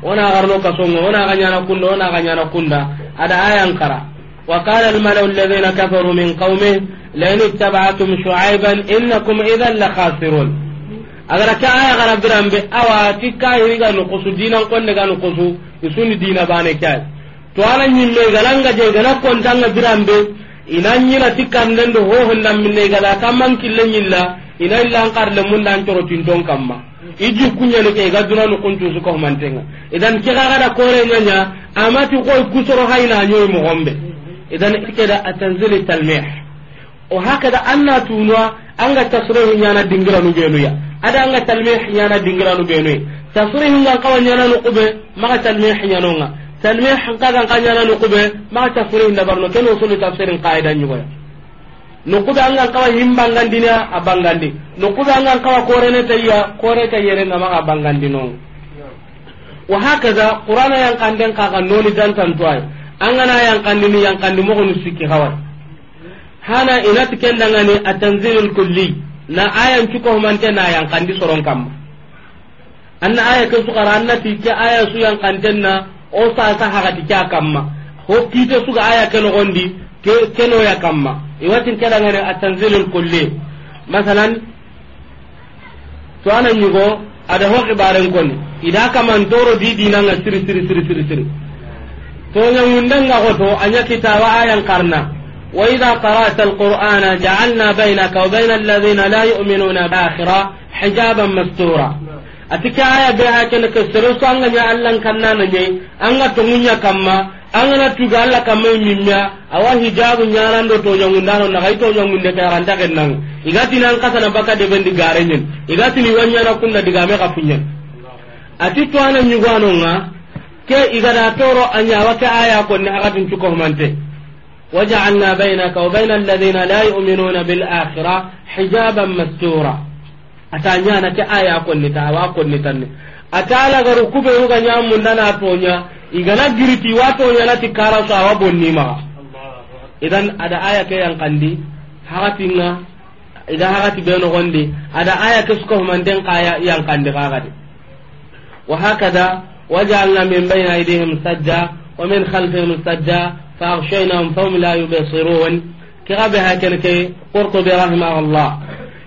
ona garno kasongo ona ganyana kunda ona ganyana kunda ada ayan kara wa qala al mala'u alladhina kafaru min qaumi lan ittaba'tum shu'ayban innakum idhan la khasirun agara ka aya gara birambe awa tikka hiriga no kusu dinan konde ga no kusu isuni dina bane kay to ala nyimme galanga je gala kontanga birambe inan do ho minne gala kamman kille nyilla inan toro kamma iji kunyani ke ga dunanu kuncu su ko mantenga idan ke ga da kore nyanya amati ko kusoro hayna nyoy mo gombe idan ke da atanzili talmih o da anna tunwa anga tasrihi nyana dingira nu benu ya ada anga talmih nyana dingira nu benu tasrihi nga kawa nyana nu kube maka talmih nyano nga talmih kaga nga nyana nu kube maka tasrihi ndabarno keno sunu tafsirin qaidan nyugo ya nukube angan kawa himbangandinia a bangandi nukube angan kawa ta tayya kore ta yerengama a bangandi non wa hakaza qur'ana yankanden kaka noni tantuai angana yankandini yankandi mogonu sikki haway hana ina tiken kendangani a atanzilul kulli na ayan ta na yankandi soron kam an aya ke an annati ke aya su yankantenna o sasa hakati ke a kamma ho kite suka aya ke nogondi ya kamma iwatin kedangene atanzil lkulli masalan to ana ñugo ada ho ida kamantoro di dinanga siri siri siri siri siri to ñangundanga xoto a ñakitawa ayan karna وإذا قرأت atike aya be ha kene ke sero so anga nya allan kanna na nye anga to munya kamma anga na tuga alla kamma minya awa hijabu nyaran do to ndano na kai to nde ka ranta kennan igati nan kasa na baka de bendi nyen igati ni wanya na kunna diga me ka funyen ati to ana nyugwano nga ke igada toro anya wa ke aya ko ne aga tin cuko mante wa bainal ladina la yu'minuna bil akhirah hijaban mastura ata nyana ke aya konni ta wa konni tanni ata la garu kube mun nyamu ndana tonya igana giriti wa tonya lati kara sa wa bonni ma idan ada aya ke yang kandi idan ida hakati beno gonde ada aya ke suka humanden kaya yang kandi kagade wa hakada waja'alna min bayna aydihim sajja wa min khalfihim sajja yubsirun فهم لا يبصرون كغبها كنكي قرطبي رحمه allah.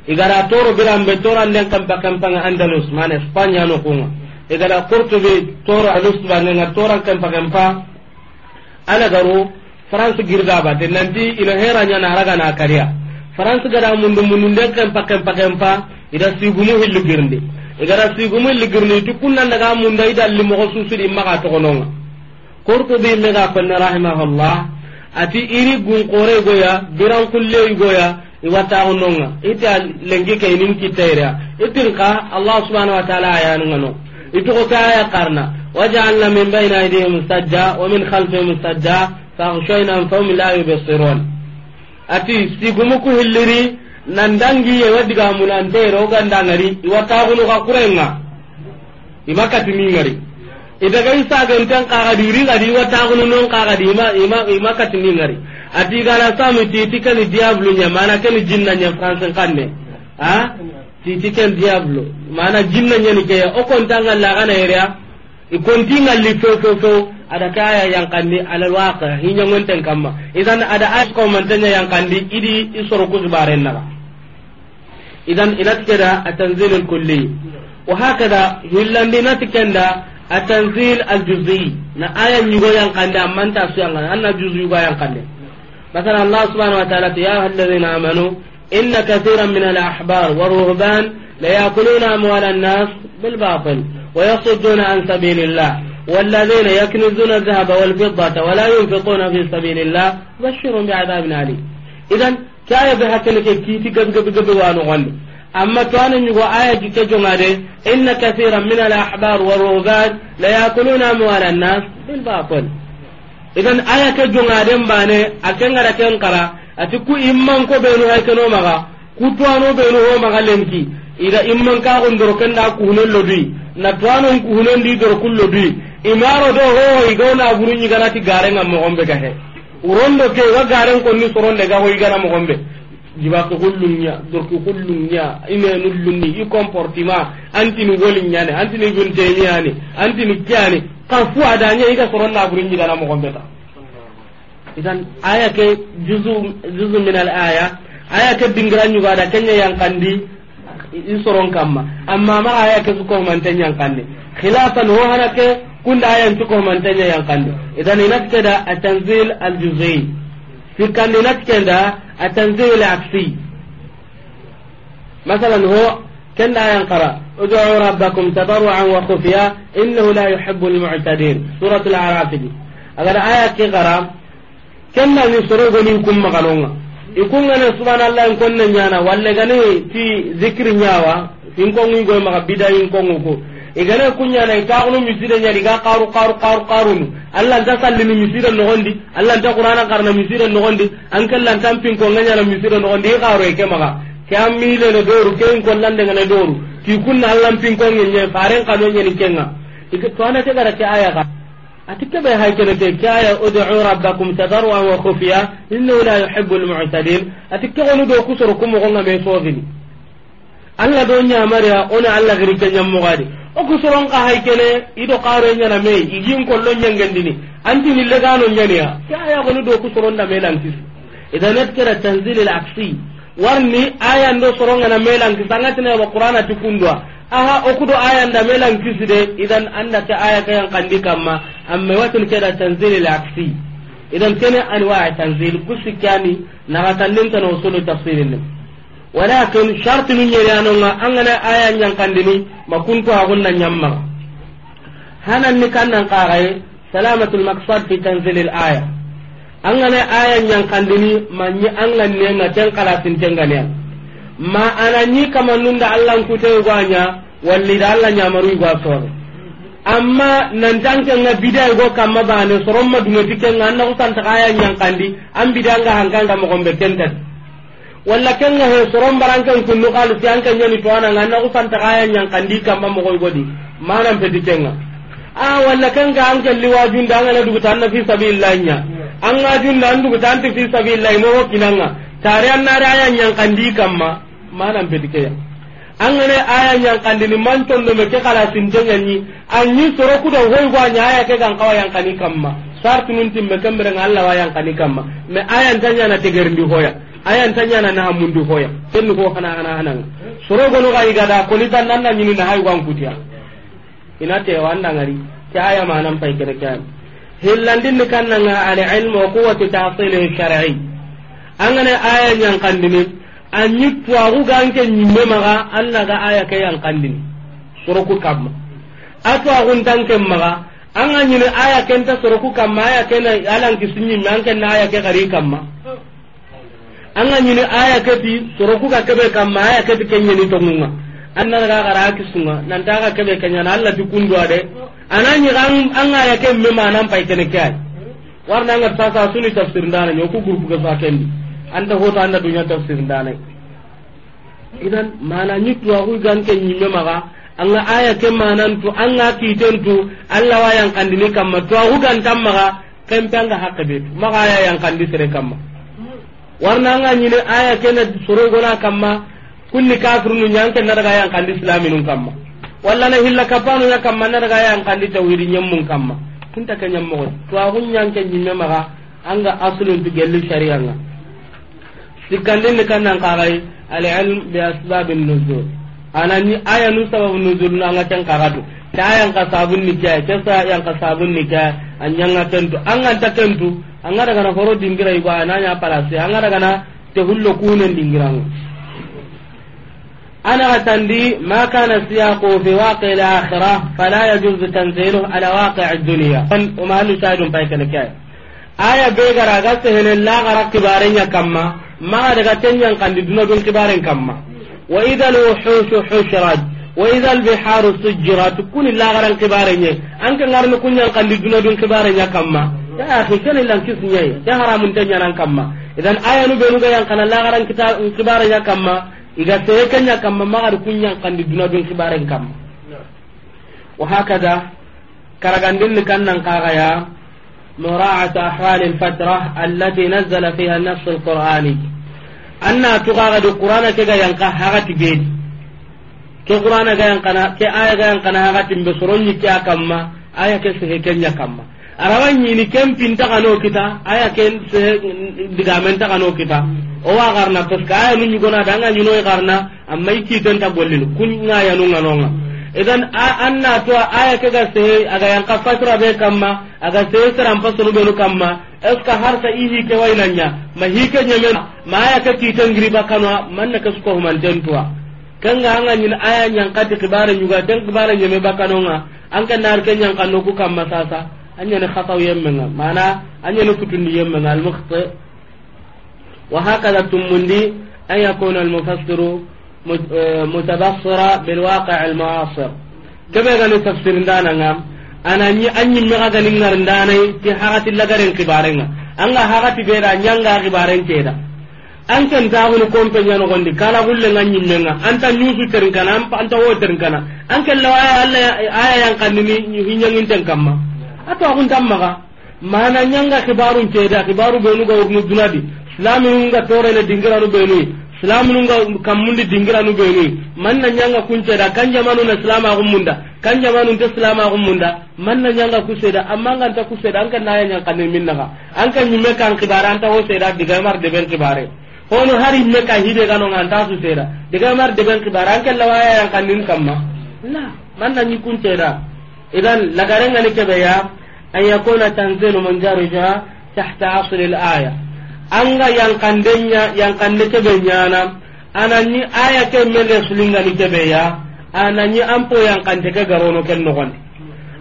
igara toro be toro anden kampa kampanga andalus mana spanya no kunga igara kurtubi toro alus na toro kampa kampa ala garu france girga bate nanti ina hera nya na raga na kariya france gara mundu mundu den kampa kampa kampa ida sigumu hillu girndi igara sigumu hillu girndi tukunna daga munda ida limo susu di maga to kononga kurtubi mega kon rahimahullah ati iri gun kore goya biran kulle goya iwata ononga ita lengi ke nin kitayra itin ka allah subhanahu wa ta'ala ayanunga ngano itu ko kaya karna waja'alna min bayna aydihim sajja wa min khalfihim sajja faghshayna fahum la yubsirun ati sigumu ku hilliri nandangi ye wadiga munantero gandangari iwata gunu ka kurenga imakati ni ngari idaga isa gantan kaga diri ngari iwata gunu non kaga di ima ima imakati ni ngari ati gara sami titi ken diablo nya mana ken jinna nya france kanne ha titi ken diablo mana jinna nya ni ke o kon tanga la kana area i kon tinga li fo fo fo ada kaya yang kandi ala waqa hinya ngonten kamma idan ada as ko mantanya yang kandi idi isoro ko zubaren na idan ilat kada atanzil al kulli wa hakada hillandi natikenda atanzil al juz'i na aya nyugo yang kandi amanta su yang anna juz'i go yang kandi مثلا الله سبحانه وتعالى يا أيها الذين آمنوا إن كثيرا من الأحبار والرهبان ليأكلون أموال الناس بالباطل ويصدون عن سبيل الله والذين يكنزون الذهب والفضة ولا ينفقون في سبيل الله بشرهم بعذاب أليم إذا كاية بهكنك كيتي قد قد قد وانغني أما كان يقول آية جكجمالي إن كثيرا من الأحبار والرهبان ليأكلون أموال الناس بالباطل idan aya ke jongaden bane a kengara ken kara ati ku imman ko benu hay keno maga ku tuano benu ho maga lenki ida imman ka gon dor kenda ku hunon lodui na tuano ku hunon di dor kul lodui imaro do ho i go na burunyi ganati garen am mo gombe ga he urondo ke wa garen ko ni soronde ga ho i gana mo gombe jibaki kullunya turki ina ine nullunni i comportement antini wolinyani antini guntenyani antini kyani ka fu adanya iga soron na burin jiga na mogon beta idan aya ke juzu juzu min al aya aya ke dingira nyuga ada kenya yang kandi in soron kamma amma ma aya ke su suko manten yang kandi khilafan ho hana ke kunda aya suko manten yang kandi idan ina da at tanzil al juz'i sikkandi nati kenda a tanzil aksi masalan ho kenda ادعوا ربكم تضرعا وخفيا انه لا يحب المعتدين سوره الاعراف دي اگر آية كي غرام كنا نسرو غنينكم مغلونا يكون انا سبحان الله يكون كنا نيانا ولا غني في ذكر نياوا ان كون يغو مغبدا ان كون igana kunya na ita kunu misire nya ga qaru qaru qaru qaru nu allah ta sallini misire no gondi allah ta qur'ana qarna misire no gondi an kallan tan pin ko nganya na misire no gondi qaru e kemaga kam mile no doru ken ko lande ngana doru ki kunna allah pin ko ngenya faren kanu nya ni kenga ike to ana te gara ke aya ga atike be hay kene te kaya ud'u rabbakum tadarwa wa khufiya innahu la yuhibbul mu'tadin atike onu do kusoro kumo gonga be sodini allah do nyamariya ona allah giri ke nyammo gadi okusoron ka haykene ido karo nyana me igin kollo nyangendini anti nille gano nyaniya ke aya gonu do kusoron da melan kisi idan natkara tanzil al aksi warni aya ndo soronga na melan kisi angatine wa qur'ana tikundwa aha okudo aya nda melan kisi de idan anda ta aya kayan kandi kamma amma watin kada tanzil al aksi idan kene anwa tanzil kusikani na ratallin tan usulu tafsirin walakin sharti nun yere anonga angana aya nyankandini makuntu agunna nyamma hanan ni kannan qaray salamatul maqsad fi tanzilil al aya angana aya nyankandini manyi angan ne na tan kala tin tengane ma anani kama nunda allah te gwanya walli da allah nyamaru gwa sore amma nan tanke nga bidai go kamma bane soron madumeti kenga anna kusan ta aya kandi an bidanga hanganga mo gombe kentati wala kenga he soron barankan kunnu kalisi an kan yani tuwana nga na kusanta kaya nyang kandi kamba mo koy godi manan pedi kenga a wala kenga an liwa liwajun da ngala dugu tanna fi sabilillah nya an ga jun da dugu tanti fi sabilillah mo kinanga tare an nare aya nyang kandi kamba manan pedi keya an ne aya nyang kandi ni man tondo me ke kala sinjenga ni an ni soro kuda hoy gwa nya aya ke kan kawa yang kani kamba sartu nun timme kambere ngalla wa yang kani kamba me aya tanya na tegerndi hoya ayan tanya na na mundu hoya ken ko kana kana hanan soro gono ga iga da ko litan nan nan yini na hay wan kutiya ina te nan ari ta aya ma nan pai kere kan hillandin kan nan ala ilmu quwwati ta'sil shar'i angane aya nyan kandini anyi tuwaku ganke nyimme maga allah ga aya ke yan kandini soroku kamma a tan ntanke maga an ga nyini aya kenta soroku kamma aya kena alanki sunyimme an na aya ke gari kamma anga nyini aya kati soroku ka kebe kamma aya kati kenya ni tongunga anna daga gara kisunga nan daga kebe kenya na Allah tikundu ade anani ran anga ya ke mema nan pai kene ay warna ngar sasa suni tafsir ndana ku grupu ga fakendi anda hoto anda dunya tafsir ndana idan mana nyitu wa hu gan ke nyimme maga anga aya ke manan tu anga kiten tu Allah wa yang kandini kamma to hu gan tamma ga kempanga hakabe maga aya yang kandisere kamma warna nga nyine aya kene soro gona kamma kunni nu nyanke na daga yang kandi islami islaminun kamma walla na hilla kapanu ya kamma na daga yang kandi tawhidin nyammun kamma kunta ka nyammo to ahun nyanke nyimme maga anga aslun tu gelu syari'a nga ne kan nan kagai al ilm bi asbabin nuzul ana ni aya nu sababun nuzul na nga tan kagadu ta yang kasabun ni ja ta yang kasabun ni ja anyanga tentu anga ta tentu anga daga na horo dingira igo ananya palase anga daga na te hullo kunen ngu ana gatandi ma kana siyaqu fi waqi al akhirah fala yajuz tanzilu ala waqi al dunya an umal halu shahidun bai aya be gara ga hele la gara kibarenya kamma ma daga tenyan kandi duna don kibaren kamma wa idha al wuhush hushrat wa idha al biharu sujjirat kun illa garan kibarenye an kan ngarme kunyan kan di duna dun kibarenya kamma ya akhi kan illa kisnye ya haramun tanya nan kamma idan ayanu be nuga yang kana la garan kita mm, kibarenya kamma iga sekenya kamma magar kunyan kan di duna dun kibaren kamma wa hakada karagandin kan nan kaga ya أحوال الفترة التي نزل فيها النص القرآني أن تغاغد القرآن كذا ينقى بيدي ke qur'ana ga yan kana ke aya ga yan kana ga timbe soronyi ke akamma aya ke ke nya kamma arawan yi ni kem pinta o kita aya ke se digamen ta o kita o wa garna to ka aya nu nyugona danga nyino e garna amma iki ton ta gollin kun nga ya nu nganonga idan anna to aya ke ga se aga yan ka fasra be kamma aga sehe saram fasru be kamma eska har ta ihi ke nya ma hike nyemena ma aya ke kitan griba kano man na den tuwa. kanga anga nyin aya nyang kati kibara nyuga den kibara nyeme bakanonga anka nar ken nyang kanno ku kam masasa anya ne khataw yemmenga mana anya ne kutundi yemmenga al mukhta wa hakada tumundi ay yakuna al mufassiru eh, mutabassira bil waqi' al ma'asir kebe ga ne tafsir ndana ngam anani anyi mega ga ngar ndana ti hakati lagaren kibarenga anga hakati be ra nyanga kibaren keda an ken taxuni compe gondi kala xullenga ñimmenga anta ñusu terin kana anta wo terin kana an kan law aya alla aya yankandini hiñanginten kamma a toaxuntan maxa mana ñanga xibarun ceeda xibaru ɓenuga wurnu dunadi silaminunga torene dingiranu ɓenui silaminunga kammundi dingiranu ɓenui manna kun ceda kan jamanu jamanuna munda kan jamanu jamanunte munda manna ku ceda amma ku ceda an ken naya ni min naxa an kan ñimme kan xibare anta wo seeda digamar deɓen xibare hono hari me ka hide gano ngan ta su tera daga mar de ben kibaran ke ya kan nin kamma la man na ni kun tera idan lagarenga ne kebe ya an yakuna tanzilu man jarija tahta asl al aya anga yang kandenya yang kande anani aya ke mele sulinga ni anani ampo yang kande ke garono ken no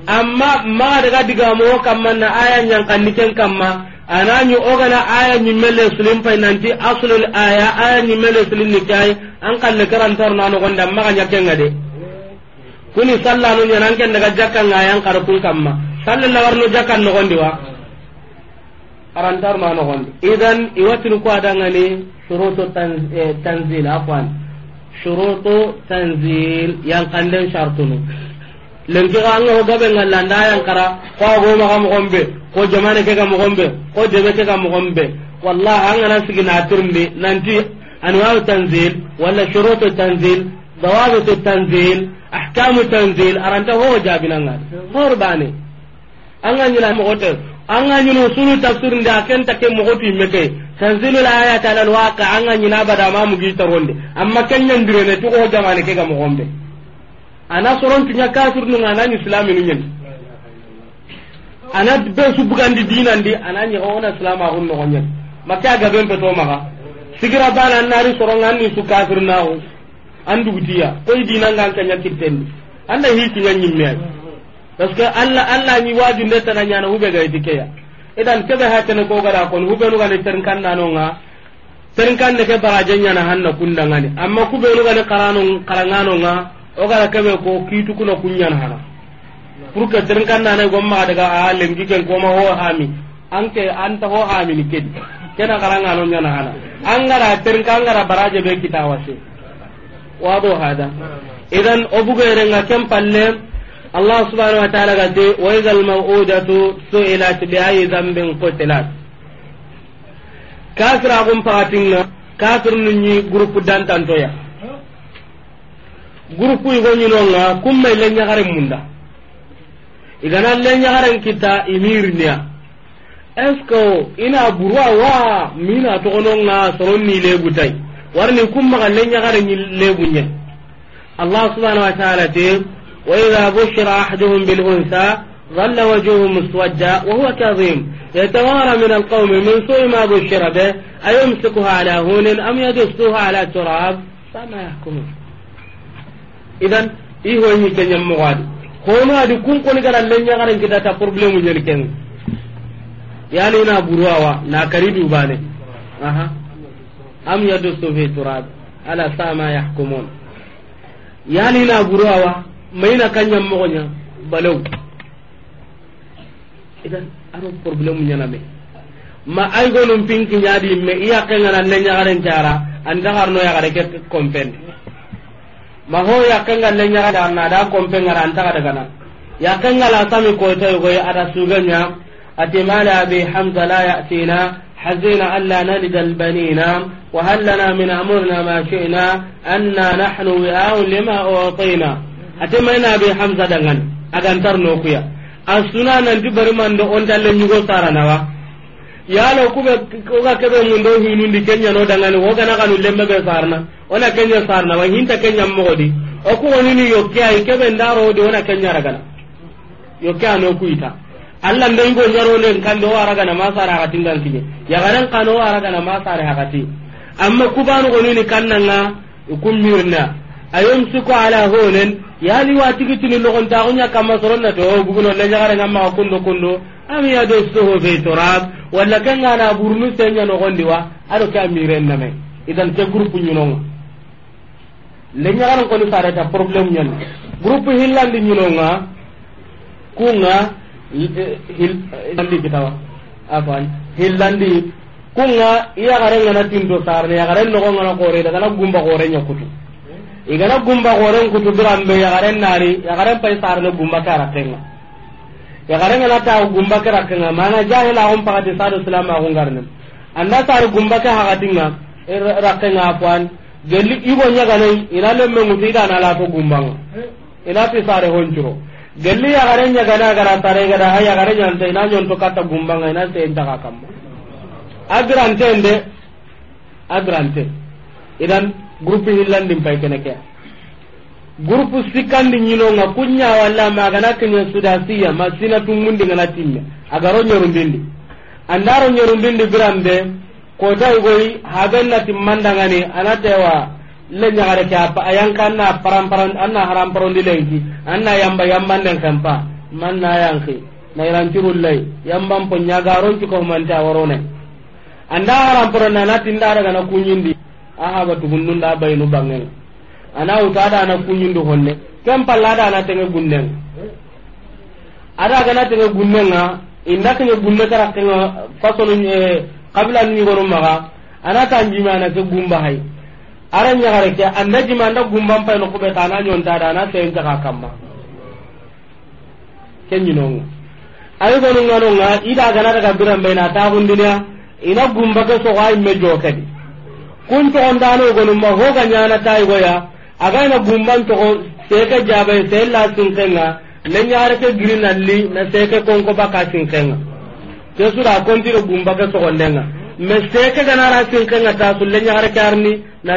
amma ma daga diga mo kamma na aya yang kandike kamma anani ogana aya ñimmele sulim pay nanti aslul aya aya ñimmele sulim ni kay an kalle karantar na no gonda maga nyakenga ngade kuni ni nan ken daga jakkan aya an kar kun kamma salle warno jakkan no gondi wa karantar ma no gondi idan iwatin ko adanga ni shurutu eh, tanzil afwan shurutu tanzil yang kandeng syartunu lenki ga anga hogabe ngalla ndayan kara ko ago maga mogombe ko jamane ke ga mogombe ko debe ke ga mogombe wallahi anga na sigi na turmi nanti anwa'u tanzil wala shurutu tanzil dawabitu tanzil ahkamu tanzil aranta ho jabinanga hor bane anga nyila mogote anga nyino sunu tafsir nda ken take mogoti meke tanzilu alayat ala alwaqa anga nyina bada mamu gi taronde amma kenyan direne to ho jamane ke ga mogombe ana sorontuña kafir nunga anani islami nu ñani ana be subbugandi dinandi ana ñaga wona silamaxun noxo ñani make a gaben peto maxa sigira bana an naari soronga an ni su kafir naxu an dugutiya koy dinangan keña kittendi anda hikiña ñimme ay parce que allah allah ñi wajunde tana ñana huɓe gayti keya idan keɓe ha tene kogada kon huɓenugani ternkannanonga ternkanneke baraje ñana hanna kundangani amma kuɓenugani karano karanganonga o gara kebe ko kitu kuno kunyan hana pour que den kan nanai gomma daga a lengi ken koma ho hami anke anta ho hami ni kedi kena karanga non nyana hana angara ten kan gara baraje be kita wase wado hada idan obugere nga kem palle allah subhanahu wa ta'ala ga de wa idal maw'udatu su'ilat bi ayi dhanbin qutilat kasra gum pagatinga kasr nunyi groupe dantantoya gurupu igo ñinonga kumma ile ñagaren munda igana le ñagaren kita est ce que ina burwa wa mina togononga soronni legutay warni kummaga le ñagareñi leguñe allah subhanau wa taala te وإذا بشر أحدهم بالأنثى ظل وجهه مسودا وهو كظيم يتوارى من القوم من سوء ما بشر به أيمسكها على هون أم يدسها على تراب فما يحكمون idan iho hi kenya mo wadi ko no adi kun ko ni gara lenya gara kita ta problemu nyel ken yani na buruwa na karibi ubane aha am yadusu fi turad ala sama yahkumun yani na buruwa maina kanya mo gonya balaw idan aro problemu nyana me ma ay gonum pinki nyadi me iya kenga nan lenya gara cara anda harno ya gara ke kompen ma ho yakanga le nyaga da na da kompe ngara anta kada ya yakanga la sami ko to go ya ada suganya atimala bi hamza la yatina hazina alla nalid al banina wa hal lana min amrina ma shi'na anna nahnu wa'u lima u'tina atimana bi hamza dangan adan nukuya kuya asuna nan dibarman do on dalle nyugo sarana wa yala kuɓe oga keɓe mundo hinundi kenñano dangani wogana kanu be sarna ona kenya sarna wa hinta kenya mogoɗi oku wonini yokke ay ndaro ndarowodi ona kenya ragana yokke ano kuyita allah ndengo ne kande o aragana ma sare hakatingankiñe yaganen kano o na ma sare hakati amma woni ni kannanga ikum mirna ayumsiku ala honen yani watigitini logontaxuña kamma soronna to buguno leñaxarenga maxa kundo kundo ami yadosuho fe torab walla kengana burnu seña noxondiwa aɗo ke a miren name idan ko Sare nga ke groupe ñunonga leñaxaren koni sareta probléme ñani groupe hillandi ñunonga kunga eh, hillandi kitawa afan hillandi kunga iyaxarengana tinto sarne yaxaren noxongana xoore dagana gumba xoore ñakkutu igana gumba goren kutu duran be yagaren nari yagaren pay sarne gumba kara kenga yagaren la ta gumba kara kenga mana jahila on pagati sadu salama on garne anda sar gumba ka hagatinga er, rakenga afwan gelli igo nyagane ina lemme mutu ida na la to gumba ina fi sare honjuro gelli yagaren nyagana gara sare gara ha yagaren nyante ina nyonto kata gumba ina se ndaka kam agrante ande agrante idan groupe hillandin pay kene ke groupe sikandi ñinonga kuña walla magana kene sudasiya ma sina tungundi ngana timme agaro ñorundindi andaro ñorundindi birambe kotai goyi habenna timmandangani anatewa le ñagare ke a yanka anna paramparan anna haramparondi lenki anna yamba yambanden kempa man na yanki nairantirullai yamban po ñagaroncukohumante a worone anda haramparonanatindadagana kuñindi aha ba hunnun da nu bangen ana uta da na kunyin do honne kem palla da na tenge gunnen ada ga na tenge gunnen na inda tenge gunne kara tenge fasol e eh, qabla ni ma ga ana tanji mana ke gumba hay aran ya hare ke anda jima mana gumban pa no kubeta na nyon da da na tenge ka kamma kenyi nongo ayi gonu ngano nga ida ga na daga biran bayna ta gundinya ina gumba ke so ga imme jokadi kun togon dano gonumma hoga ñana tayigoya agana gumban togo seke jabe se la sinkenga na ñare ke giri nalli na seke konko baka sinkenga ke sura kontiro gumba ke sogondenga me seke ganara sinkenga ta sulle ñare ke arni na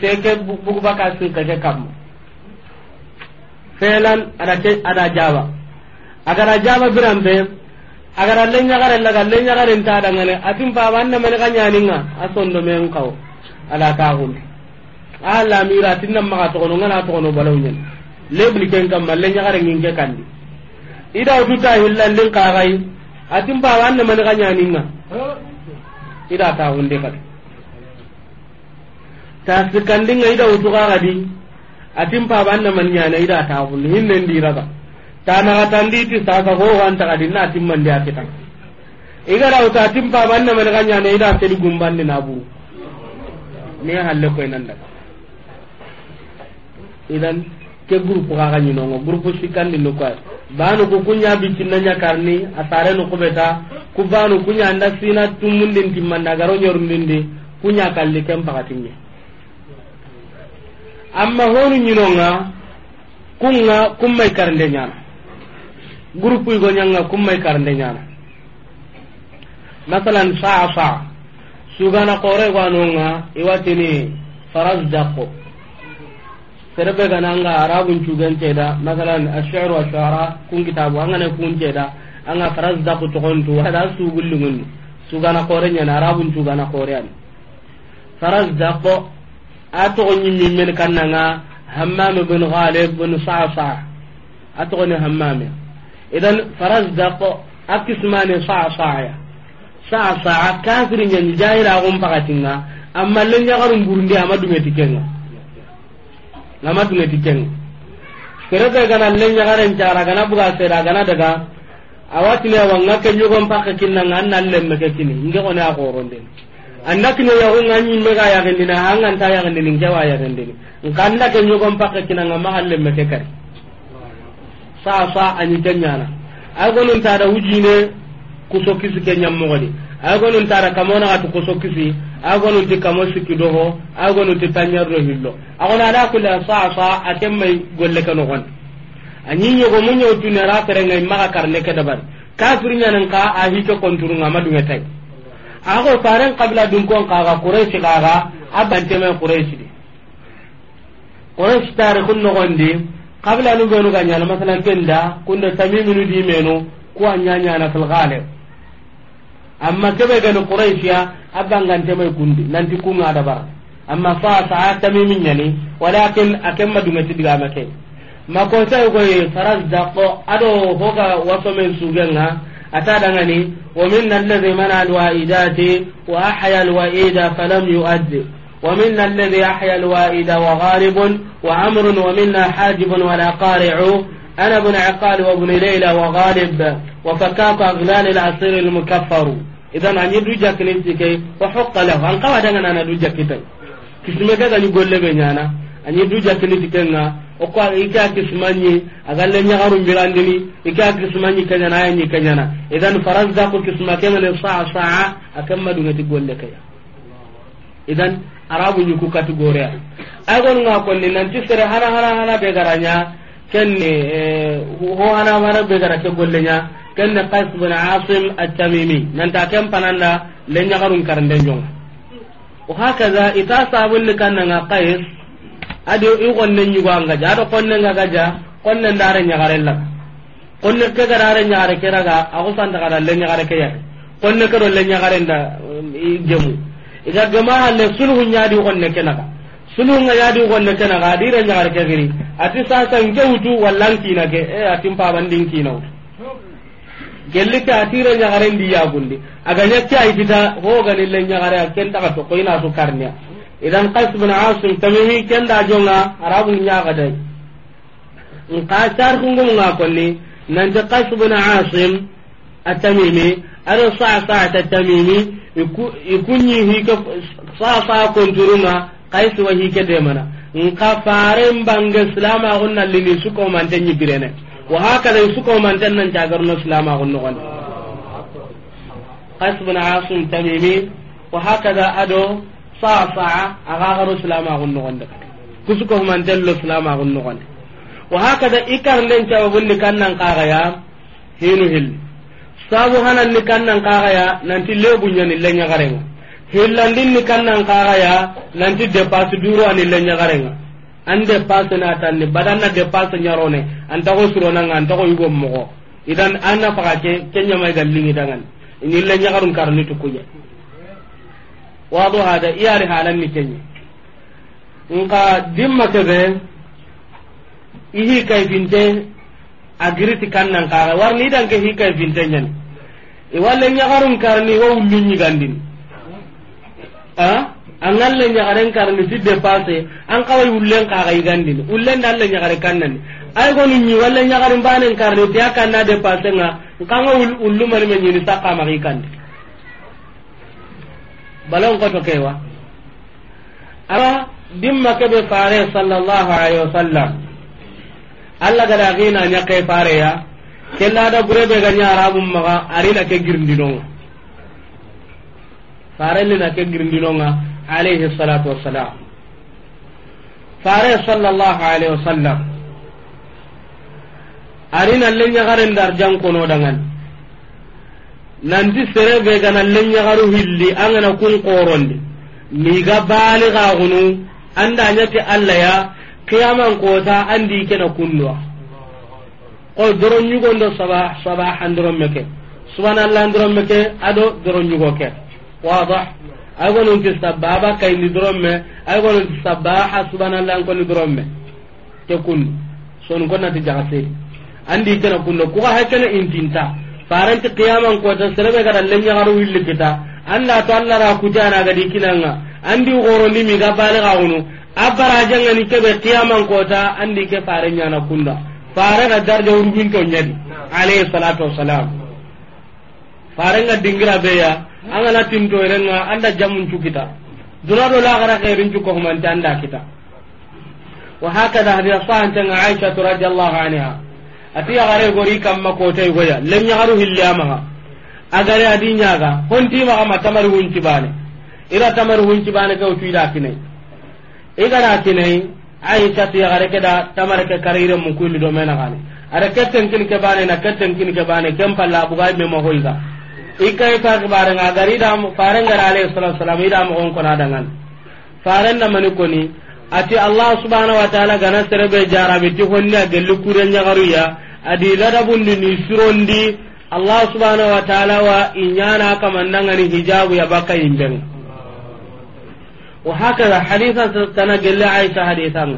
seke bugu baka sinkeke kamma felan adate ada jaba agara jaba birambe agara le ñagare laga le ñagare nta dangane atin baba ne ka nga a sondomen kawo ala ka gundi ala mira tinna ma to no ngana to no balaw nyen lebli ken kam malle nyagare nginge kandi ida ututa hillan din ka gai atin ba wanne man ga nyaninga ida ta gundi kat tasikandinga ida utuka gadi atin pa wanne man nyana ida ta gundi hinne ndiraga tanaga tanditi sasa ho wanta gadi na timman dia kita igara uta timpa banna man ga nyana ida sedi gumbande na buru ne ya halle koy nan daga idan ke groupe ka ganyi no groupe sikandi no ko banu ko kunya bi na nya karni asare no kubeta ku banu kunya anda sina tumundin timanda garo nyorundinde kunya kalli kem pakatinya amma honu nyinonga kunga kummai karnde nyana groupe go nyanga kummai karnde nyana masalan sa'a sa'a sugana kore gwanonga iwatini farazdaqo serebe gananga arabun cugenteda masalan ashiru ashara kun kitabu angane kunceda anga farazdaqo togontu hada sugullungunni sugana kore nyana arabun cugana kore ani farazdaqo atogo ñimmimmen kannanga hammame bin ghalib bin sasa atogoni hammame idan farazdaqo a kismane sasaya sa sa kafir nyen jahira gon pakatinga amma len nyagarum burundi ama dume tikenga nama dume tikenga kerebe gana le nyagaren cara gana buga sera gana daga awatine wanga ke nyugon pakka kinna ngan nan lemme ke kini nge ona akoronde annakine ya unga nyi mega ya gendina hangan ta ya gendina jawa ya gendina ngkanda ke nyugon pakka kinna ngama halle ke kari sa sa anyi kenyana agonun ta da wujine kuso kisi ke ñammogoni agonun tara kamona gatu kuso kisi agonun ti kamo sikki doho agonun ti tanñardo hillo agona ala kulla saa saa a ken may golle ke nogon a ñiñogo mu ñewtunera ferengay maga karne ke dabari kafirñanen ka a hike konturunga madunge tay ako faren kabila dunkon kaga kuraysi kaga a banteme kuraysi di kuraysi tare kun nogondi kabila nu benu ga ñana masalan kenda kunde tamiminu dimenu kuwa ñañana fil ghalib amma kebe gani quraishiya abangante mai kundi nanti kunga da bara amma fa sa'a mimin yani walakin akemma dungati diga make makosai koy farazdaqo ado hoga waso men sugenga ata ni wa minna alladhi mana alwaidati wa ahya alwaida falam yuaddi ومنا الذي wa الوائد وغارب وعمر ومنا حاجب ولا قارع أنا ابن عقال وابن ليلى وغالب وفكاك أغلال العصير المكفر idan anyi du jakkinin tike wa haqqa lahu an kawa daga nana du jakkitai kisme ga gani golle be nyana anyi du jakkinin tike nga o ko ika kismanyi agalle nya harum birandini ika kismanyi kanya na ayi kanya na idan da ko kisma kema le sa'a sa'a akamma du ngati golle kaya idan arabu nyuku kategoria agon nga ko ni nanti sere hana hana hana be garanya kenne eh, ho hana hana be ken ne qais bin asim at-tamimi nan ta ken pananda le nyagarun karande jong o hakaza ita sabun ni kannanga qais adi i gonne nyuganga ja do konne ngaga ja konne ndare kon konne ke garare nyagare keraga ago san daga le nyagare ke ya konne ke do le nyagare i jemu iga gama halle sulhu nyaadi gonne kenaga sulhu nga yaadi gonne kenaga adi re nyagare ke giri ati sa nke wutu wallan kinake e eh, atin pabandin kinawtu gelli ke atire nyagare ndi yagundi aganya ho aitita hogani le nyagare kenta ka to koina su karnya idan qais bin asim tamimi kenda jonga arabu nyaga dai in ka tar kungum na konni nan ta qais bin asim atamimi ara sa sa ta tamimi ikunyi hi ka sa sa konturunga qais wa hi ke de mana in ka faren bange islam a gunna lini su ko man tan yibirene wa hakada isuko man tan nan jagar no islama gon no hasbun asun tamimi wa ado safa aga islama gon man tan lo islama gon ikar len tawo bunni kannan kaga ya hinu hil sabu hanan ni kaga ya lebu nyani ni kaga ya duro an dépasse na tanni badanna dépasse ñarone antaxo suronanga antaxo yugom moxo idan an na faxa ke ke ñamay gallingi dangan kar inille ñaxarun karni tukkuƴe waado hada iyari halanni keñe nka dimma keɓe ihi kayfinte a giriti kannan kaxa warni idanke hi kayfinte ñani iwalle ñaxarun karni wo wullu ñigandin a ah? angalle nyagaren karni ti depase an kawai ullen ka ga igandin ullen dalle nyagare kannan ay gonu ni walle nyagarin banen karni ti aka na depase nga kanga ullu mari men ni saka mari kandi balon ko to kewa ara dimma ke be fare sallallahu alaihi wasallam alla gada gina nya ke fare ya kella da gure be ganya arabum maga arina ke girndinonga fare lina ke girndinonga عليه الصلاة والسلام فاري صلى الله عليه وسلم أرنا اللي يغرن nanti gana hilli angana kun bali anda alla ya qiyaman kota andi kena kunwa o sabah sabah meke subhanallah meke ado ke wadah ay gonu ti sabba ba kay ni dromme ay gonu ti sabba hasbanallah an ko ni dromme te kun son ko nati jaxase. andi kana kunno ko ha kana intinta faranti qiyaman ko ta serebe kada lenya garu willi kita anda to alla ra kujana ga dikinanga andi goro ni mi ga bale ga gunu abara janga ni kebe qiyaman ko ta andi ke farenya na kunda fare ga darja urgun to nyadi alayhi salatu wassalam farenga dingira beya angana tintoyrenga anda jamun cukita duna do lagara xeerin man anda kita wa hakada hadira tan aisha radhiyallahu anha atiya gare gori ko tay goya len yagaru hilliyamaga agare ma ma hontimaxama tamari bane ira tamari huncibane ke da kinai igana kinai aishatu yagare keda tamare ke karire mena gane ara ketten kin ke bane na ketten kin ke bane ken palla bugai mo hoyga ikka ita kibare nga gari da mu fare ngara alayhi salatu wassalam ida mu gon kona dangan fare na mani koni ati allah subhanahu wa ta'ala gana serebe jarabi ti honni honna gelu kure nyagaru ya adi ladabundi ni surondi allah subhanahu wa ta'ala wa inyana kamandangani hijabu ya baka imbenga wa hakaza haditha tana gelle aisha hadithan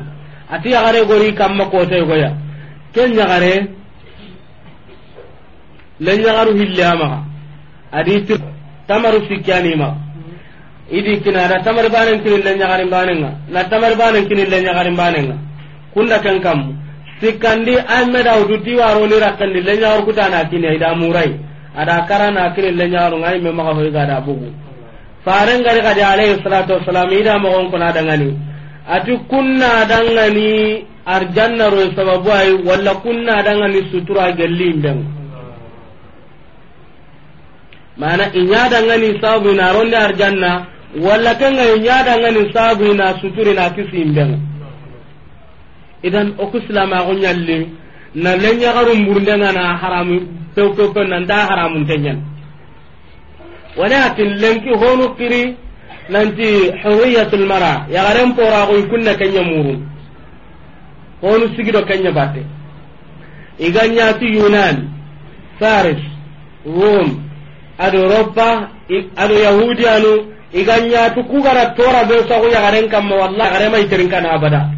ati yagare gori kamma kote goya ken yagare len yagaru hillama adi tamaru sikkani ma idi kina da tamar banen kini le nyagarin banenga na tamar banen kini le nyagarin banenga kunda kan kam sikkandi amme da udu diwaro ni rakandi le nyagar kutana kini ida murai ada karana kini le nyagaru ngai me maka hoy gada bugu faran gari kadi alayhi salatu wassalam ida mo gon kuna dangani ati kunna dangani arjanna ro sababu ay wala kunna dangani sutura gellin dangani mana inyada ngani sabu ina ronde arjanna walla kenga inyada ngani sabu na suturi na kisi imbenga idan o silama ko nyalli na lenya garum burnde ngana haramu pew pew pew na da haramu tenyan walakin lenki honu kiri nanti hurriyatul mara ya garen pora ko kunna kenya muru honu sigido kenya batte iganya ti yunan faris rome ado roba ado yahudi anu iganya tu kugara tora be ko ya garen ma wallahi gare mai tirin kana abada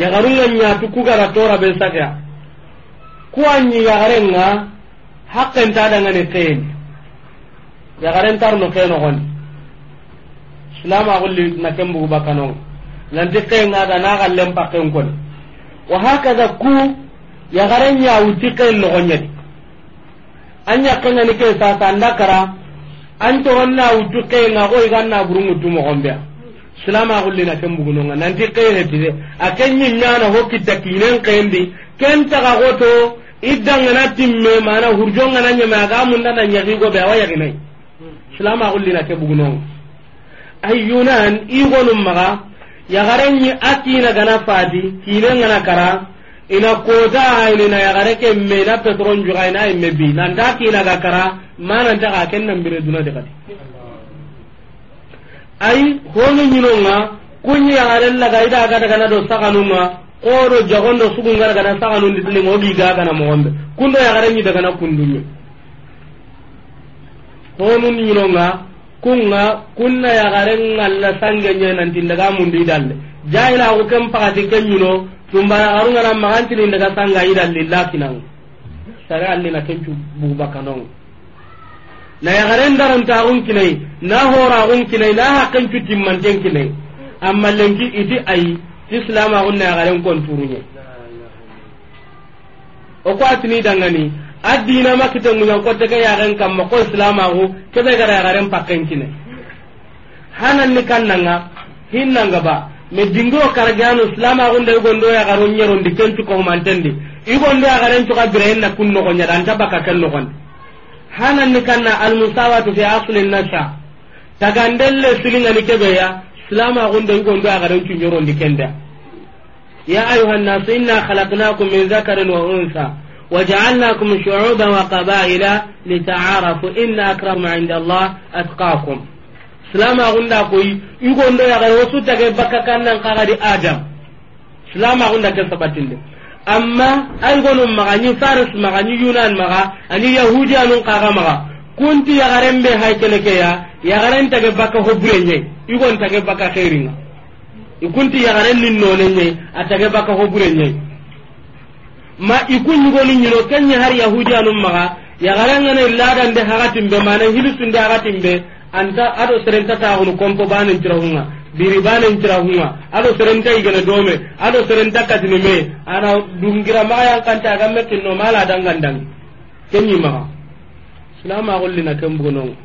ya nan nya tu kugara tora be sa. saga ku anyi ya garenga hakkan ta da ngane tayin ya garen tar no keno gon islam agulli na kembu bakano lanti na da na lempa pakken kon wa hakaza ku ya garen ya uti kain no gonyadi anya kanya ni ke sa ta ndakara an to wonna wutu ke nga ko iganna burungu tu mo gombe salama gulle na kan buguno nga nanti ke he bide akan nyi nyana ho kitta kinen kendi ken ta ga goto iddan na timme mana hurjon nga nanya ma ga mun nan nyi go be waya ginai salama gulle na ke buguno ayyunan igonum maga yagarenyi akina gana fadi kinen gana kara ina kota ina hayni na ke me ina petron juga ina me bi nanta kinaga kara mananta ka ken nambire duna de kati ay hono nga kunyi yagaren laga ida gada gana do saganunga koro jagondo sugungara gana saganundi tilinga ogi ga gana mogonɓe kundo yagaren ñi dagana kunduñe honun ñinonga kunga kunna yagaren alla sangeñe nantin daga mundu idalle jahila ku ken pakati ken ñino tumbana arunga na maganti ni ndaga sanga ida lilla kinang sare alli na kencu buba kanong na ya garen daran ta un kinai na hora un kinai na hakan cu timman ten kinai amma lengi idi ai islama un na garen kon turunye o ko atini dangani addina makita munyan ko ga ya garen kam ko islama ko ke ga garen pakken kinai hanan ni kannanga hinnanga ba me dingo karagano slama gonde gondo ya garo nyero ndi tu ko mantendi igondo ya garen to ka birayen na kunno ko nyada anta baka kan no kon hanan ni kanna al musawatu fi asli nasha tagandelle silinga ni kebe ya slama gonde gondo ya garen tu nyero ndi kenda ya ayuhan nas inna khalaqnakum min dhakarin wa unsa shu'uban wa qabaila لتعارفوا inna akramu 'inda Allah atqakum silama gunda koyi igondo yagare wosu tage bakka kannan kagadi adam silama gunda ke sabatinde amma ay gonum maga ni faris maga ni yunan maga ani yahudi anun kaga maga kunti yagaren be hay kene ke ya yagaren tage bakka hobure nye igon tage bakka khairinga ikunti yagaren nin none nye atage bakka hobure nye ma ikun yugoni nyino kenya har yahudi anun maga yagaren ngane ladan de hagatin be manan hilusun de hagatin be anta ado serenta taxunu compo banen cirahunga biri banen cirahunga ado serenta igene dome ado serenta katini me ana dungira maxayan kante aga mekkinno mala dangandangi kenñimaxa silamaxollina ken bugunonga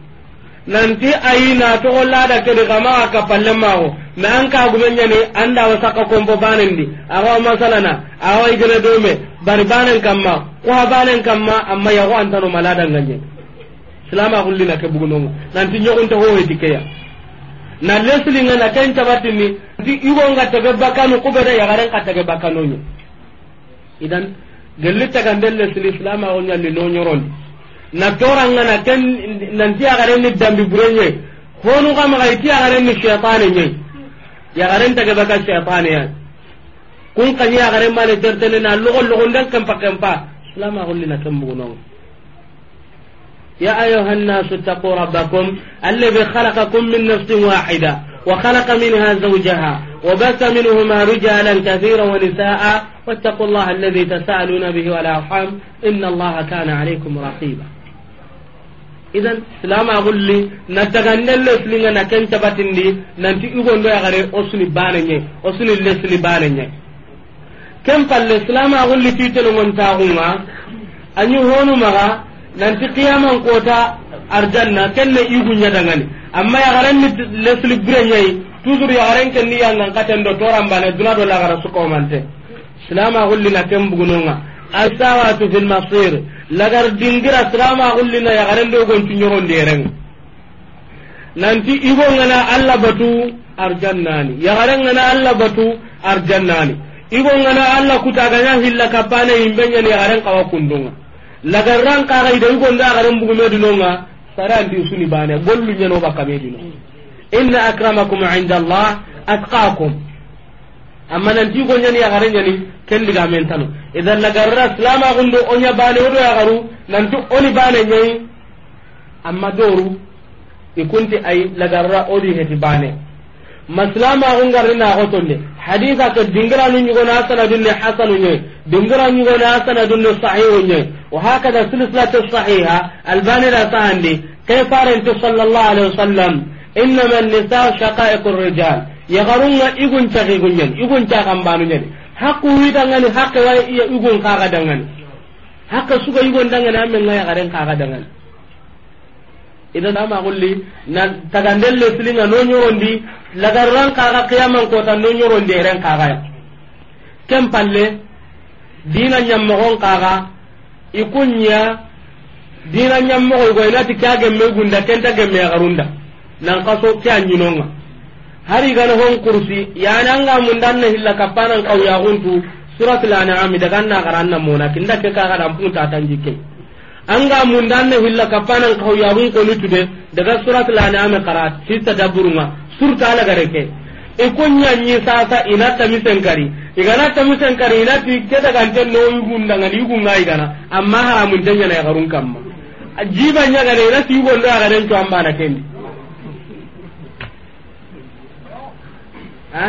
nanti ayi na togo lada kedi kamaxa ka maxo ma an kagumeñani andawa saka compo banendi axawa masalana awa igene dome bari banen kamma kuha banen kamma amma yaxo antano maladangañen silama na ke bugunongo nanti ñogunta howeti keya na leslinga na ken cabatini ti igonga tege bakkanu ya yagaren ka tege bakkanoño idan gelli taganden lesli silamago ñalli no ñoroni na toranga na ken nanti ni dambi burenye bure ñe honuga maga iti yagarenni cheitane ñe yagaren tege baka cheitane ya kun kañi yagaren mane tertene na logo logonden kempa kempa na ken bugunongo يا أيها الناس اتقوا ربكم الذي خلقكم من نفس واحدة وخلق منها زوجها وبث منهما رجالا كثيرا ونساء واتقوا الله الذي تساءلون به والأرحام إن الله كان عليكم رقيبا إذا سلام أقول لي نتغنى اللسلين نكن لي ننتي إغن بي أغري أسني بانني أسني اللسلي بانني كم فالإسلام أقول لي تيتلو من تاغوما أن هونو مغا nanti qiyaman kota arjanna kenne igunya dangani amma ya garan ni lesli burenyai toujours ya garan kenni yang katen do toram bane duna do lagara suko mante salama hulli na tem bugunonga asawatu fil masir lagar dingira silama hulli na ya garan do gon tunyoron dereng nanti igo ngana alla batu arjannani ya garan ngana alla batu arjannani igo ngana alla kutaganya hilla kapane imbenya ni garan kawakundunga lagarran kaxa idayi gonde axaren bugu medinonga sare andi suni bane gollu ñenobakka medino inna acramacum inde allah atkakum amma nanti go ñani yaxare ñani ken ndiga men tano idan lagarra slama gundo oña bane wodo yaxaru nanti oni bane ñayi amma doru ikunti ay lagarra odi heti bane maslama ungarri na gotonde haditha ke dingira nu nyugo na sana dunne hasanu dingira na sana dunne sahihu nye wa hakada silsilatu sahiha albani la sahandi kay farante sallallahu alaihi wasallam innama an-nisaa shaqa'iqur rijal yagarunga igun tagi gunyen igun taga mbanu hakku wi dangani hakka wa igun dangani hakka suga igun dangani amen ngaya garen dangani idan da ma na na tagandel le silinga no nyorondi lagaran kaga qiyamam ko tan no nyorondi ren kaga kem palle dina nyammogon kaga ikunya dina nyammogo go ina ti kage gunda kenta gemme garunda nan kaso kya nyinonga hari gana hon kursi yana anga mundan na hilla kapanan kaw ya guntu suratul an'am daga na garanna mona kinda ke kaga dan punta tanjike anga mundanne hilla kapanan ko yarun ko lutude daga suratul anam qara sita daburuma surta ala gareke e konya nyi sasa ina tamisen kari igana tamisen kari ina ti keda gante no yugunda ngani yugunga igana amma haramun tanya na garun kamma jiba nya gare ina ti yugondo aga den to amba na kendi ha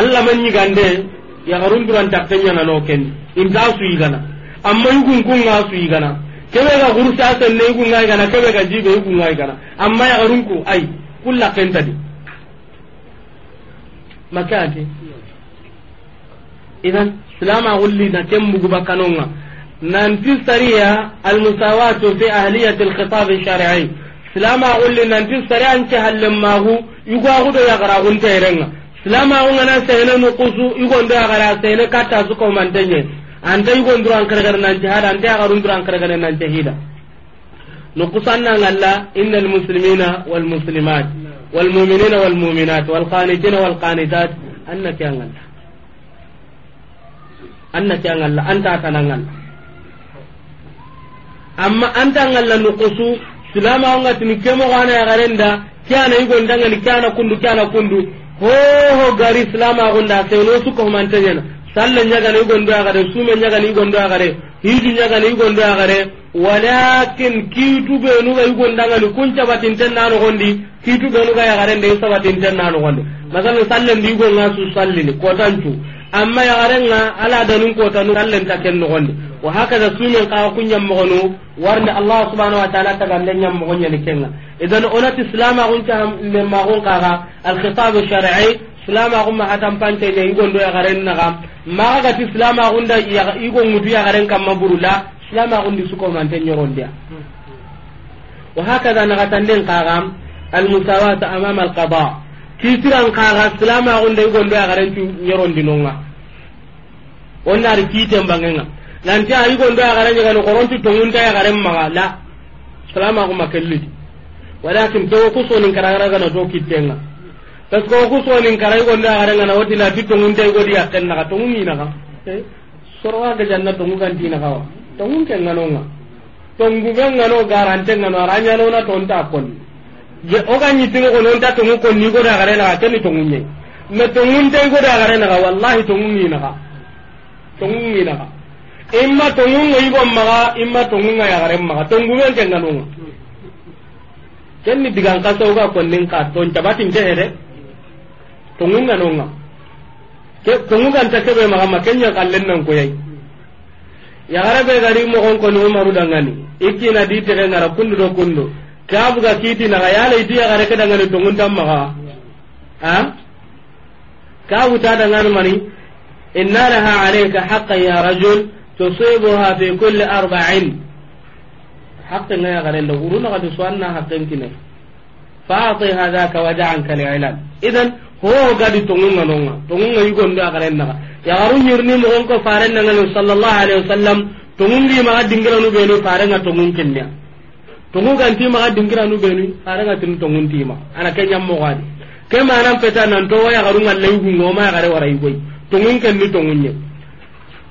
Allah man gande ya garun duran tapenya na no kendi da su yi gana. amma yugun kunga su igana kebe ga gursa asan ne yugun ngai gana kebe ga jibe yugun ngai gana amma ya garun ku ai kulla kenta di idan mugu bakanonga sariya fi sariya magu yugo ya gara gunta irenga silama wunga na nukusu yugo ndo ya gara kata su ko mantenye anta yugon duro an karagana nan jihada anta yagarun duro an karagana nan jahida Allah inna al muslimina wal muslimat wal mu'minina wal mu'minat wal qanitina wal qanitat anna kyangalla anna kyangalla anta tanangalla amma anta ngalla nukusu silama onga tini kemo wana yagarenda kyana yugon dangani kyana kundu kyana kundu ho ho gari silama gonda sewno suko humantanyana salle ñagani igondo agare sume ñagani igondo agare hiju ñagani igondo agare walakin kiitu ɓenuga igondangani kun ya nanogondi kiitu ɓenuga yagare nanu sabatinten nanogondi masalan sallen ndi igonga su sallini kotancu amma yagarenga ala danun kotanu sallen ta ken nogondi wa hakaza sumen kaga kun ñammogonu warni allah subhanau wa taala tagande ñammogo ñani kenga idan onati silamagun cahamlemagun kaga alkhitab shar'i silama ko ma hatan pante ne igon do ya garen na kam ma ga ti silama ko nda ya igon mutu ya garen kam maburula silama ko ndi suko man tan yoron dia wa hakaza na tan den kagam al musawata amama al qada kitiran kaga silama ko nda igon do ya garen ti yoron dinonga onna ri kiten bangenga nanti a igon do ya garen ga no koronti tongunta ya garen maga la silama ko makelli walakin to ko so nin karagara ga no to kitenga parce que ku so lin karai gonda garan ngana wodi na bitto ngun tay godi ka ga janna to ngun dina wa to ngun ken ngano nga ngano garante ngano aranya no tonta kon je o ga ni tinu ko nonta to ngun kon ni goda garan na ken to ne na wallahi to ngun ina ka imma to ngun ngai go maga imma to ngun ngai garan maga to ngun ken digan ka so ga ka ton kongunga nonga ke kongunga ta kebe magama kenya kallen nan ko yayi ya garabe gari mo hon ko ni umaru dangani na di tege ngara kundu do kundu kabu ga kiti na yala idi ya gare kada ngani tongun tam maga ha kabu ta dangani mani inna laha alayka haqqan ya rajul tusibuha fi kulli arba'in haqqan ya gare ndo uruna ga to suanna haqqan kinai fa'ati hadaka waja'an kal ilam idan ho gadi tongunga nonga tongunga yugondo agarennaga yagaru ñirni mogon ko farennangani sallallahu alaihi wasallam tongungi maga dingiranu benu farenga tongun kennia tongu ganti maga dingiranu benu farenga tin tongun tima ana ke mo gadi ke manan peta nan nanto wo yagaru ngalle yugunga oma gare wara yugoy tongun kenni tongunye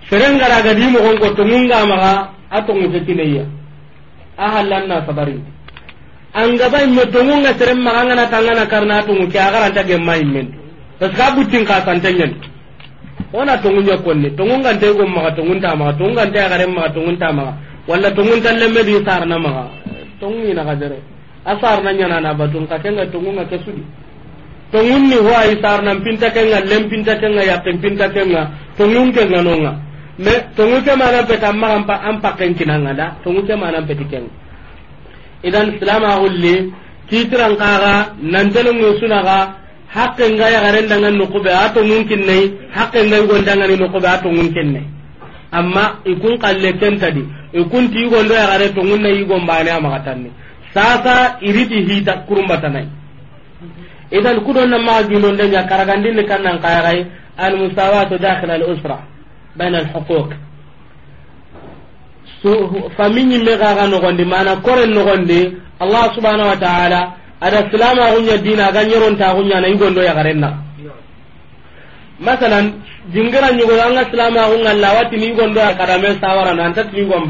serengara gadi mogon ko tongunga maga a tongu fetineya a hallanna sabari. angaba imme dongunga serem magangana tangana karna tungu ke agaranta gemma immen parce que abutin ka santenyen ona tongu nyakonni tongu ngante go maga tongu ta maga tongu ngante agare maga tongu ta maga walla tongu talle me di sarna maga tongu ina gajere asarna nyana na batun ka kenga tongu nga sudi tongu ni ho ay sarna pinta kenga lem pinta kenga ya pinta kenga tongu kenga nonga me tongu ke mana peta maga ampa ampa kenkinanga da tongu ke mana kenga. idan silama gulli titiran kaga nan telungu sunaga hakken ga ya garen dangan no ko be ato mungkin nei hakken ga gon dangan no ko be ato mungkin nei amma ikun kalle ken tadi ikun ti gon do ya gare to ngun nei gon bane ama katanni sasa iriti hita kurumba nai idan kudon na ma gilon da ya karagandin kan nan kayai al musawatu dakhil al usra bain al huquq me kaga nogondi mana koren nogondi allah subhanau wa taala ada silamaxuña dina aga ñerontaxuñana igondo yagarenna masalan jingira ñugoyo anga silamaxunga lawatini igondo yakadame sawarano antatini igon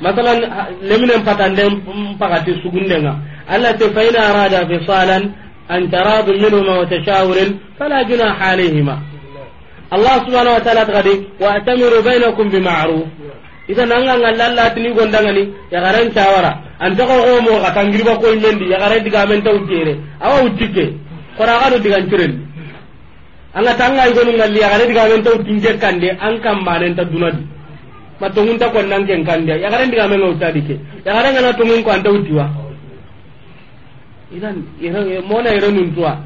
masalan leminen patande sugundenga fa in arada fisalan an taradu minhuma wa tashawurin fala junaha alayhima allah subhanau wa taala tagadi wa'tamiru bainakum bima'ruf ita nanga ngalla la tini gonda ngani ya garan chawara anta ko go mo ka tangriba ko mendi ya garan diga men taw tere awa utike kora ga do diga tiren anga tanga go no ngalli ya garan diga men taw tinje kande an kam manen ta dunadi matongun ta ko nan ken kande ya garan diga men uta dike ya garan ngana tongun ko anta utiwa idan iran mona iran nun tuwa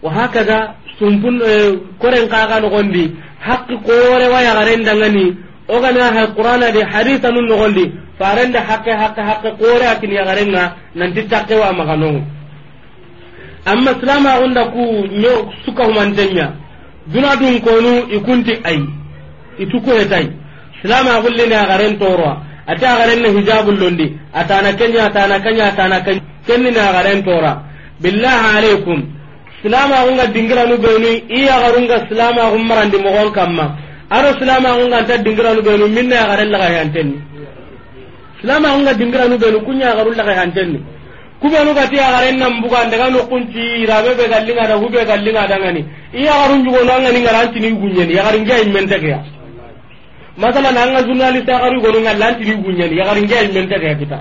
wa hakaza sumpun eh, koren kaga no gondi hakki kore wa ya garan dangani ogana ha qur'ana de haditha nun nogondi farenda hakke hakke hakke qore akin ya garenga nanti takke wa magano amma islama onda ku nyo suka humantenya duna dun konu ikunti ai ituko hetai gulle garen torwa ata garen na hijabul londi atana kenya atana kenya atana kenya kenni na garen tora billahi alaikum islama gunga dingira nu benu iya garunga mogon kamma aro silama ko nganta dingiranu benu minna ya garen laga yantenni silama ko nga dingiranu benu kunya garu laga yantenni kubenu gati ya garen nan buga daga no kunci rabe be gallinga da hube gallinga da ngani iya garun jugo no ngani ngaranti ni gunyeni ya garin jay men tege masala na nga journaliste garu go no ngalanti ni gunyeni ya garin jay men tege kita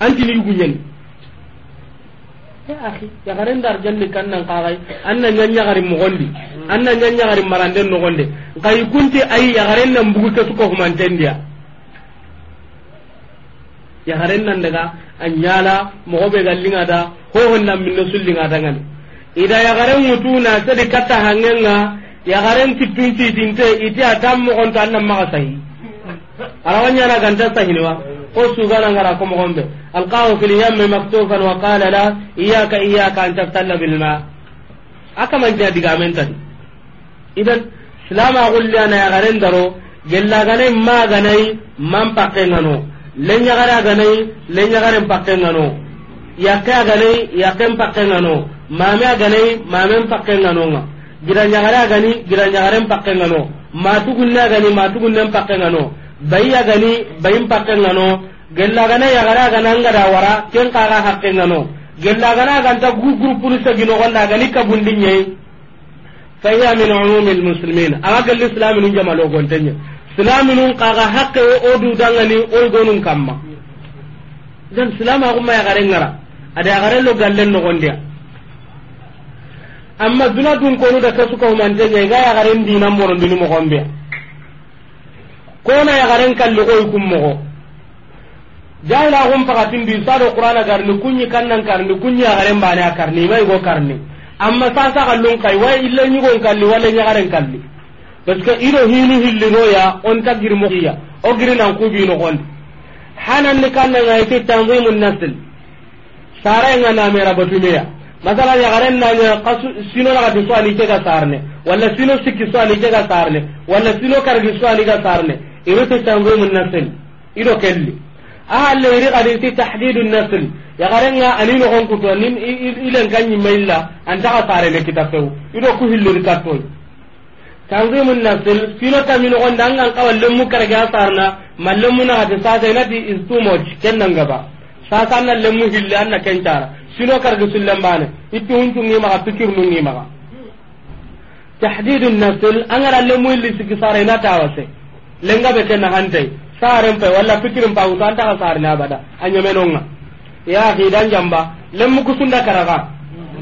anti ni gunyeni ya akhi ya garen dar jalli kannan qaray anna nyanya garin mugondi anna nyanya garin maranden no gonde kay kunti ay ya garen nan bugu ke suko humanten dia ya garen nan daga anyala be gallinga da ho nan min sullinga da ngani ida ya garen mutuna sadi katta hangenga ya garen kitunti dinte iti atam mo gonta nan magasai arawanya na ganta wa. ko sugana ngara ko mogonɓe alqahu fil yamme maktufan wa qala iyaka iyaka an tabtalla bilma akamantea digamen tadi idan silama gullianaya garen daro gellaganai maganai man baya gani bayin pakken ngano gella gana ya gara gana ngada wara ken kara hakken ngano gella gana ganta gu group ni gino gonda gani bundin nyai fa ya min umumil muslimin aga gel islam min jamalo gontenya islam min kara hakke o du dangani o gonun kamma dan islam agum ma ya gare ngara ada gare lo gallen no gondia amma duna dun konu da kasuka humantenya ga ya gare dinan moron dinu mo gombe kona yagaren kalligoy kummogo jahilagum pagatindu sado qur'ana garni kunyi kannan karni kunyi yagaren bane a karni imai go karni amma sa sa kallun kai wa illa nyugon kalli wala yagaren kalli parce que ido hinu ya on ta girmoya o girinan kubino gondi hananni kannangaiti tanzimu nasl saraenga namera batumeya masala na naña kasu sino nagati so ani kega sarne walla sino sikki so ani kega sarne walla sino kargi so ani ga sarne iriti tanzim an-nasl ido kelli ahalle iri gadi ti tahdid an-nasl ya garenga ani no gon kuto nin ilen kanyi mailla anta ka sare ne kita few ido ku hillir katto tanzim an-nasl sino tamino gon dangan kawalle mu karga sarna mallemu na hade sa sai dai nati is too much kenan gaba sa sa na lemu hille anna kencara sino karga sullem bane ittu huntu ni ma. tukir nu ni maka tahdid an-nasl angara lemu illi sikisare na tawase lenga be kenna hantai saaren pe walla fikirin pa utan ta sarne abada anyamenonga ya hidan jamba lemmu ku sunda karaga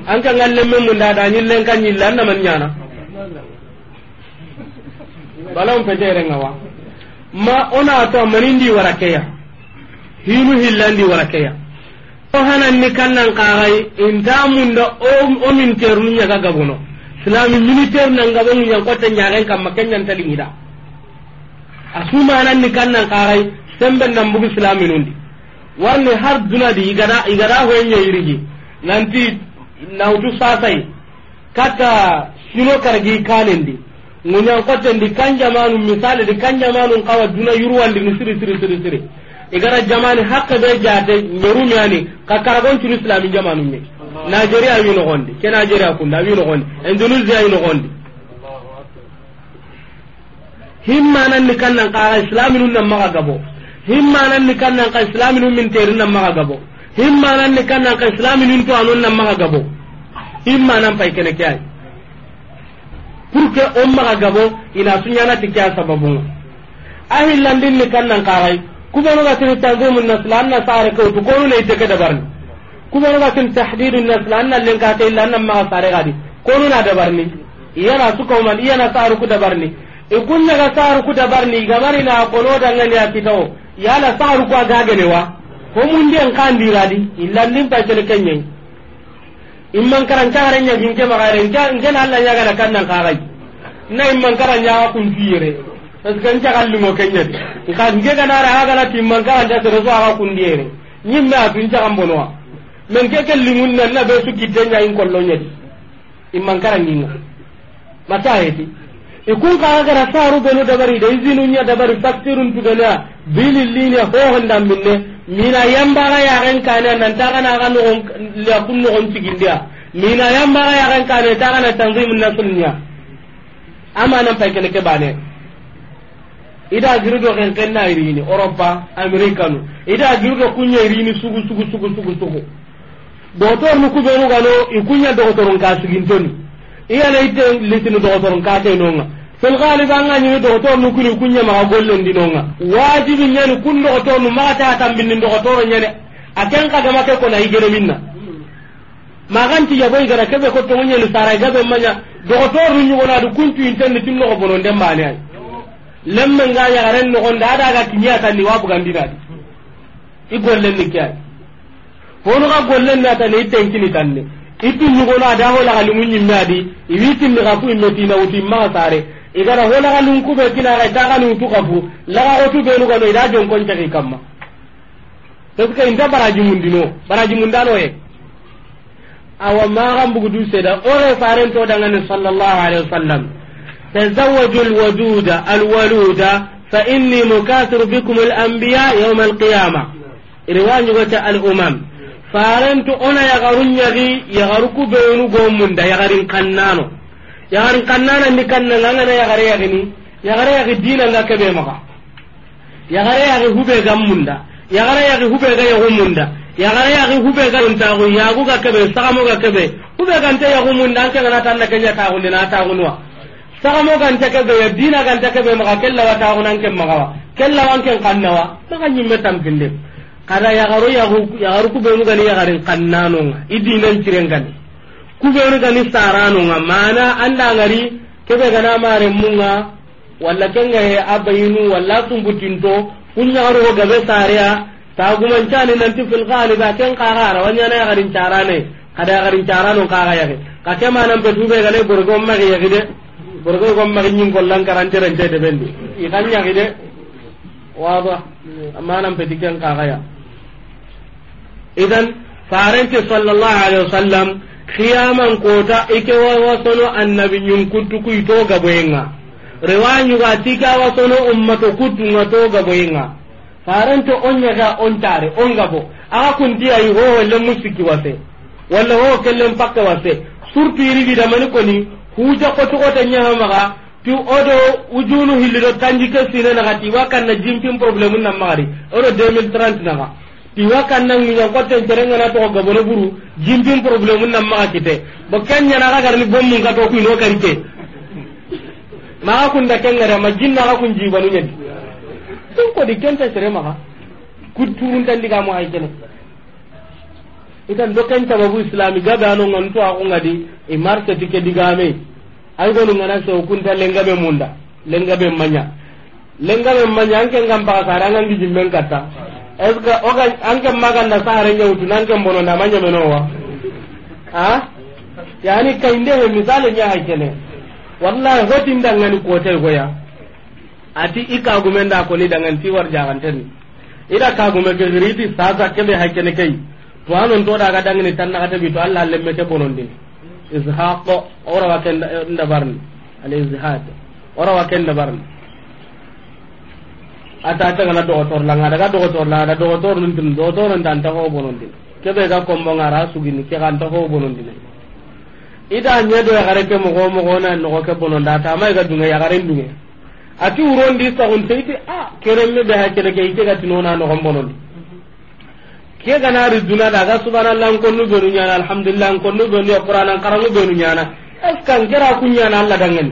an kan ngalle mem mun da danyin len kan yin man nyana balam pe tere ngawa ma ona to manindi warakeya hinu hillandi warakeya to hanan ni kannan kagai inta mun da o min ternu ga gabono islami militer nan gabono nyang kota nyaren kam makanyan tadi da nan ni kannan karai semben nan bugu di warne har dunadi igada igada hoyenye irigi nanti nautu sasai kata sino kargi kanendi ngunyan di kan jamanu misali di kan jamanu kawa duna yuruwandi ni siri siri siri siri igara jamani hakka be jate nyerunyani ka karagon tun islami jamanu ne Nigeria wi no gondi ke Nigeria kunda wi no gondi Indonesia wi no gondi himma nan ni kan nan maxa gabo himma himmananni kannan ka islaminun min terin nan maxa gabo himma nan kannan ka islaminun to anun nan maxa gabo himma himmanan pay kene ke ay pour que on maxa gabo ina ni kan nan sababunga a hillandinni ga tin kuɓenogatini tanzimu nasl an na sare kewtu konu nayi teke ga tin tahdidu nasl an na ka illa an nan maka sare ko konu na su iya na sare ku dabar ni igunna ga saru ku dabarni gamari na kolo ngani ya ni akitawo yala saru ku ne wa ko mun den kan diradi illandin ta jele kenye imman karan tagaren nya ginke magaren ja ngen Allah kan gara kannan kagai na imman karan ya kun fiire tas kan ta kallu mo kenye ka nge ga ra aga na timman karan da a ka kun diere nyimme atun ta ambonwa men ke ke limun na na be su kitenya in kollonya imman karan ma mata ti. ikun kaga gara saru benu dabari da izinu nya dabari faktirun tudana bilillin ya ho handa minne mina yamba ga ya ren kana nan ta kana ga no la kun no tigindia mina yamba ga ya ren kana ta kana tanzim nasulnya ama nan fa kene ke bane ida girudo ken ken na irini europa america no ida girudo kunya irini sugu sugu sugu sugu sugu dotor mu ku ga no ikunya dotorun kasigintoni iyana ite litini dogotoron katenonga filgaliba anga ñini dogotornu kuni kuñamaxa gollondinonga wajibi ñani kun dogotornu maxataa tambinni dogotoro ñane a ken kagama ke kona igereminna maganti yabo igara keɓe ko togo ñani sara gabe maña dogotornu ñugonadu kuncuintenni tin noxo bononden mbane ay lemmenga yaxaren noxonde adaga kiñatanni wa bugandinadi i gollenni ke ay honuxa gollenni atani i tenkini tanni itu ñugono ada holaxalimu ñimme adi iwi tilli xa ku imme tina wutu immaxa sare igara holaxalin kuɓe kinaxa itaxanintu xafu laxa xotu ɓenugano ida jonkoncaxi kamma parce que baraji mundino baraji mundanoye awa maxan bugudu seda ore farento dangane sallallahu alaihi wasallam تزوجوا الودود الولود فإني مكاثر بكم الأنبياء يوم القيامة رواية الأمم farentu ona yagarun yagi yagaru ku beenu gomunda yagarin kannano yagarin kannana ni kanna ngana yagare yagini yagare yagi dina nga kebe maka yagare yagi hube gammunda yagare yagi hube ga yagumunda yagare yagi hube ga ntagu yagu ga kebe sagamo ga kebe hube ga nte yagumunda anke ngana tanna kenya ta na ta tagunwa sagamo ga nte kebe dina ga nte kebe maka kella wa tagunan ken maka wa kella wa ken kannawa wa maka nyimme tampinde kada yagaro yagaru kubenu gani yagarin kannanonga idinan cirengani kubenu gani saranonga mana anda ngari kebe gana mare munga walla kenga he abayinu walla tumbutinto kunyagaru ko gabe sareya taguman nan ti fil ghaliba ken qara wanya na yagarin carane kada yagarin ga kaga yage kake manan petu be gane borgo magi yage de borgo gom magi nyin gollan karante rente de bendi ikanya gide waba manan peti ka ga ya idan farenti sallallahu alaihi wasallam kiyaman kota ike wasono annabi annabiyun kuttu ku ito boyinga rewanyu ga tika wasono ummato kuttu nga to ga boyinga farenti onya ga on tare on gabo aka kuntiya yi ho le musiki wase walla ho kellen pakka wase surtu bi da man ko ni huja ko to ko ta ma ga tu odo ujunu hilido tanjike sine na gati kan na jimpin problemun na mari odo 2030 na ga iwa kanna nginya kote terenga ngana to gabone buru jimpin problem nan ma kite bo kenya na ga garni bommu ka to kuino karite ma kun da kenga da ma jinna ka kun jibanu nyadi tun ko di kenta sere ma kuturun tan diga mo ay kene itan do kenta babu islami ga ga no ngon to ako ngadi e marke tike diga me ay gonu ngana so kun ta lenga be munda lenga be manya lenga be manya an kenga mbaka saranga ndi jimmen katta esga oga anke maganda sare nyawtu nanke mbono na manya wa ha yani kainde he misale nya haykene wallahi hotin dangani kotel goya ati ika gumenda ko ni dangan ti war jaganten ida ka gume ke giriti sasa kebe haikene kai to anon to daga dangani tan na katabi to Allah lemme ke bonondi izhaq ora wa ken ndabarni al izhaq ora wa ken ndabarni ata ta gana dogotor la ngada dogotor la da dogotor nun tin dogotor nun tan ta ho bonon din ke be ga kombo ngara sugi ni ke kan ta ho bonon din ida nyedo ya gare ke mo go mo go na no ke bonon da ta mai ga dunga ya gare dunga ati di sa on teiti a ah, keremme be ha kere ke ite ga na no gombonon bonon. ke gana ri duna da ga subhanallah ko nu benu nyana alhamdulillah ko nu benu qur'an kan nu benu nyana es kan jara kunya na Allah dangen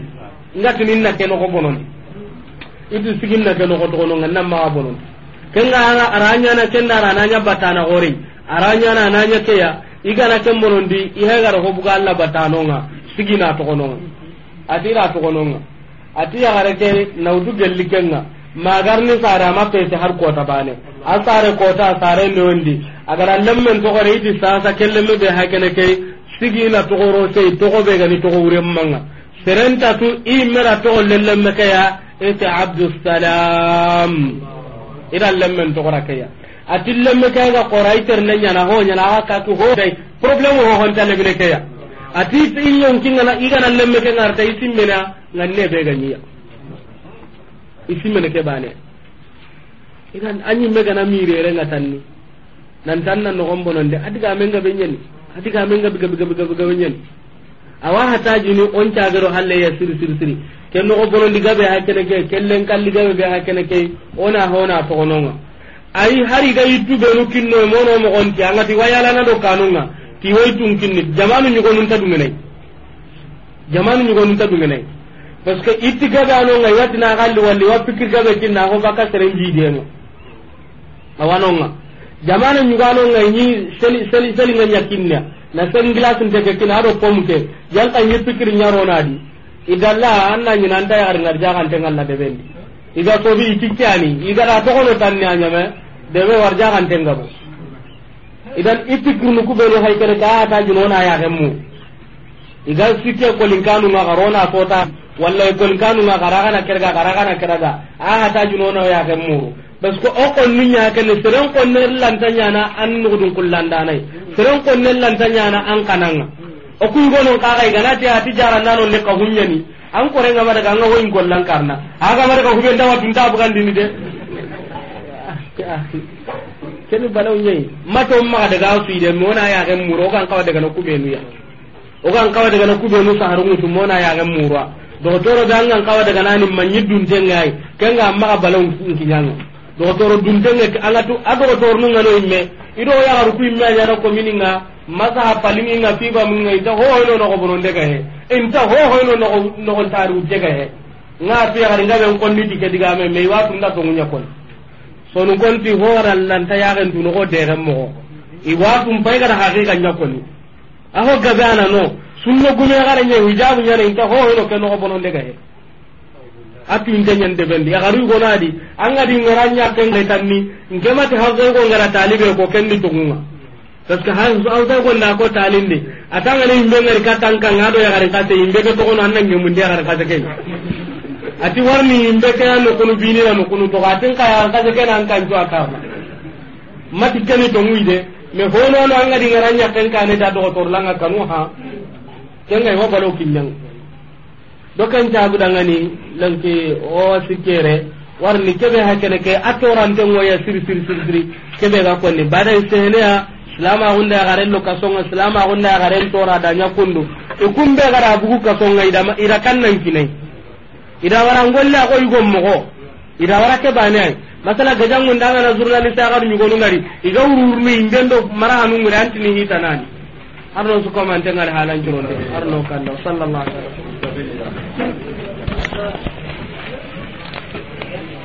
ngati ninna ke no ko bonon itu sigin na gano ko tono nganna ma bonon kenga aranya na kenda ara aranya batana gore aranya na nanya keya igana ken bonondi ihe gara ko buga Allah batano nga sigina to kono atira to kono nga atiya gara ke naudu gelli kenga magarni sara ma pese har kota bane asare kota sare ndondi agara lemmen to gore idi sasa kellemme be hakene kay sigina to goro sey to go be gani to go wure manga serenta tu imera to lellemme kaya ete abdusalam ida lemmen togora keya ati lemme kega kora iterne nyana ho nyana ha katu ho dai problem ho honta lebine keya ati iyon kingana igana lemme ke ngarta isimmena nganne be ganiya isimmena ke bane idan anyi mega na mirere tanni. nan tan nan nogon bononde adiga menga be nyani adiga menga biga biga biga biga nyani awa hataji ni on tagaro halle ya siri siri siri ken nogo bonondi gabe ha kene ke kellen kalli gabe be ha kene ke ona hona togononga ayi hari ga yittu benu kinno e mono mogonti angati wayalana do kanunga ti woytun kinni jamanu ñugonun ta dungenay jamanu ñugonun ta dungenay parce que itti gabe anonga iwatina galli walli wa pikir gabe kinna ko baka seren jidienga awanonga jamanu ñuganonga ñi seli seli seli nga ñakkinna na sen glace nte ke kina ado pomke yalta ñi pikir di. idalla anna nyina anda yar ngarja kan tengal na debendi iga to bi tikyani iga ra to hono tan nya me debe warja kan tengabo idan itigurnu ku belo hay kare ka ta jinona ya gemu iga sikke ko linkanu ma garona ko ta wallahi ko linkanu ma garaga na kerga garaga na kerga a ta jinona ya gemu bas ko o kon ninya kan seren ko ne lantanya na an nugudun kullandana seren ko ne lantanya na an kananga o kun gono ka ga na ti ati jaran nano le ka ni an kore ma daga nga woin lan karna aga mara ka hubenda wa tunta bukan dini de ni balaw ma mato ma daga su ide na ya ga muro kan kawa daga na kubenu ya o kan kawa daga na kubenu saharungu tu na ya ga muro to ro an kan kawa daga nani manyi dunte ngai ga ma balaw nkinyanga dogotoro dunte ngai alatu adogotoro nungano imme ido ya garu ku imma nyana ko mininga masa ha palingi nga fiba munga ita ho hoyno no ko bononde ga he inta ho hoyno no ko no ko taru je ga he nga fi garu nga ben konni dike diga me me wa tunda to ngunya kon so nu kon ti ho ran lan ta ya ren du no ko de ram mo i wa tum pai ga ha ga nya kon aho ga bana no sunno gume ga ran ne inta ho ke no ko bononde ga he atu inte nyen de bendi ya garu go nadi anga di ngaranya ken le tanni ngema te hazo go ngara talibe ko ken ni tunga parce que hazo au da go nda ko talindi atanga ni imbe ngari katang kan ngado ya garu kate imbe ko to no anan ngi mundi ya garu kate ken ati warni imbe ke no kunu bini na no kunu to katin ka ya kate ken an kan to aka mati ken ni tungu ide me hono no anga di ngaranya ken kan ne da do to langa kanu ha kenga yo balo kinyang dokan cagu dangani lanke o sikere warni kebe hakene ke atorante ngoya sir sir sir sir kebe ga konni bada isene sehneya silama gunda garen lo kasonga silama gunda garen tora danya kundu e kumbe gara bugu kasonga ida ida kannan kinai ida wara ngolla ko yugo ko ida wara ke bane masala gajan gunda na zurna zurnali sa ni golu ngari iga ururni ngendo hanu ngari antini hita nani arno su ko man tengal halan juronde arno kallo sallallahu alaihi wasallam 食べるだ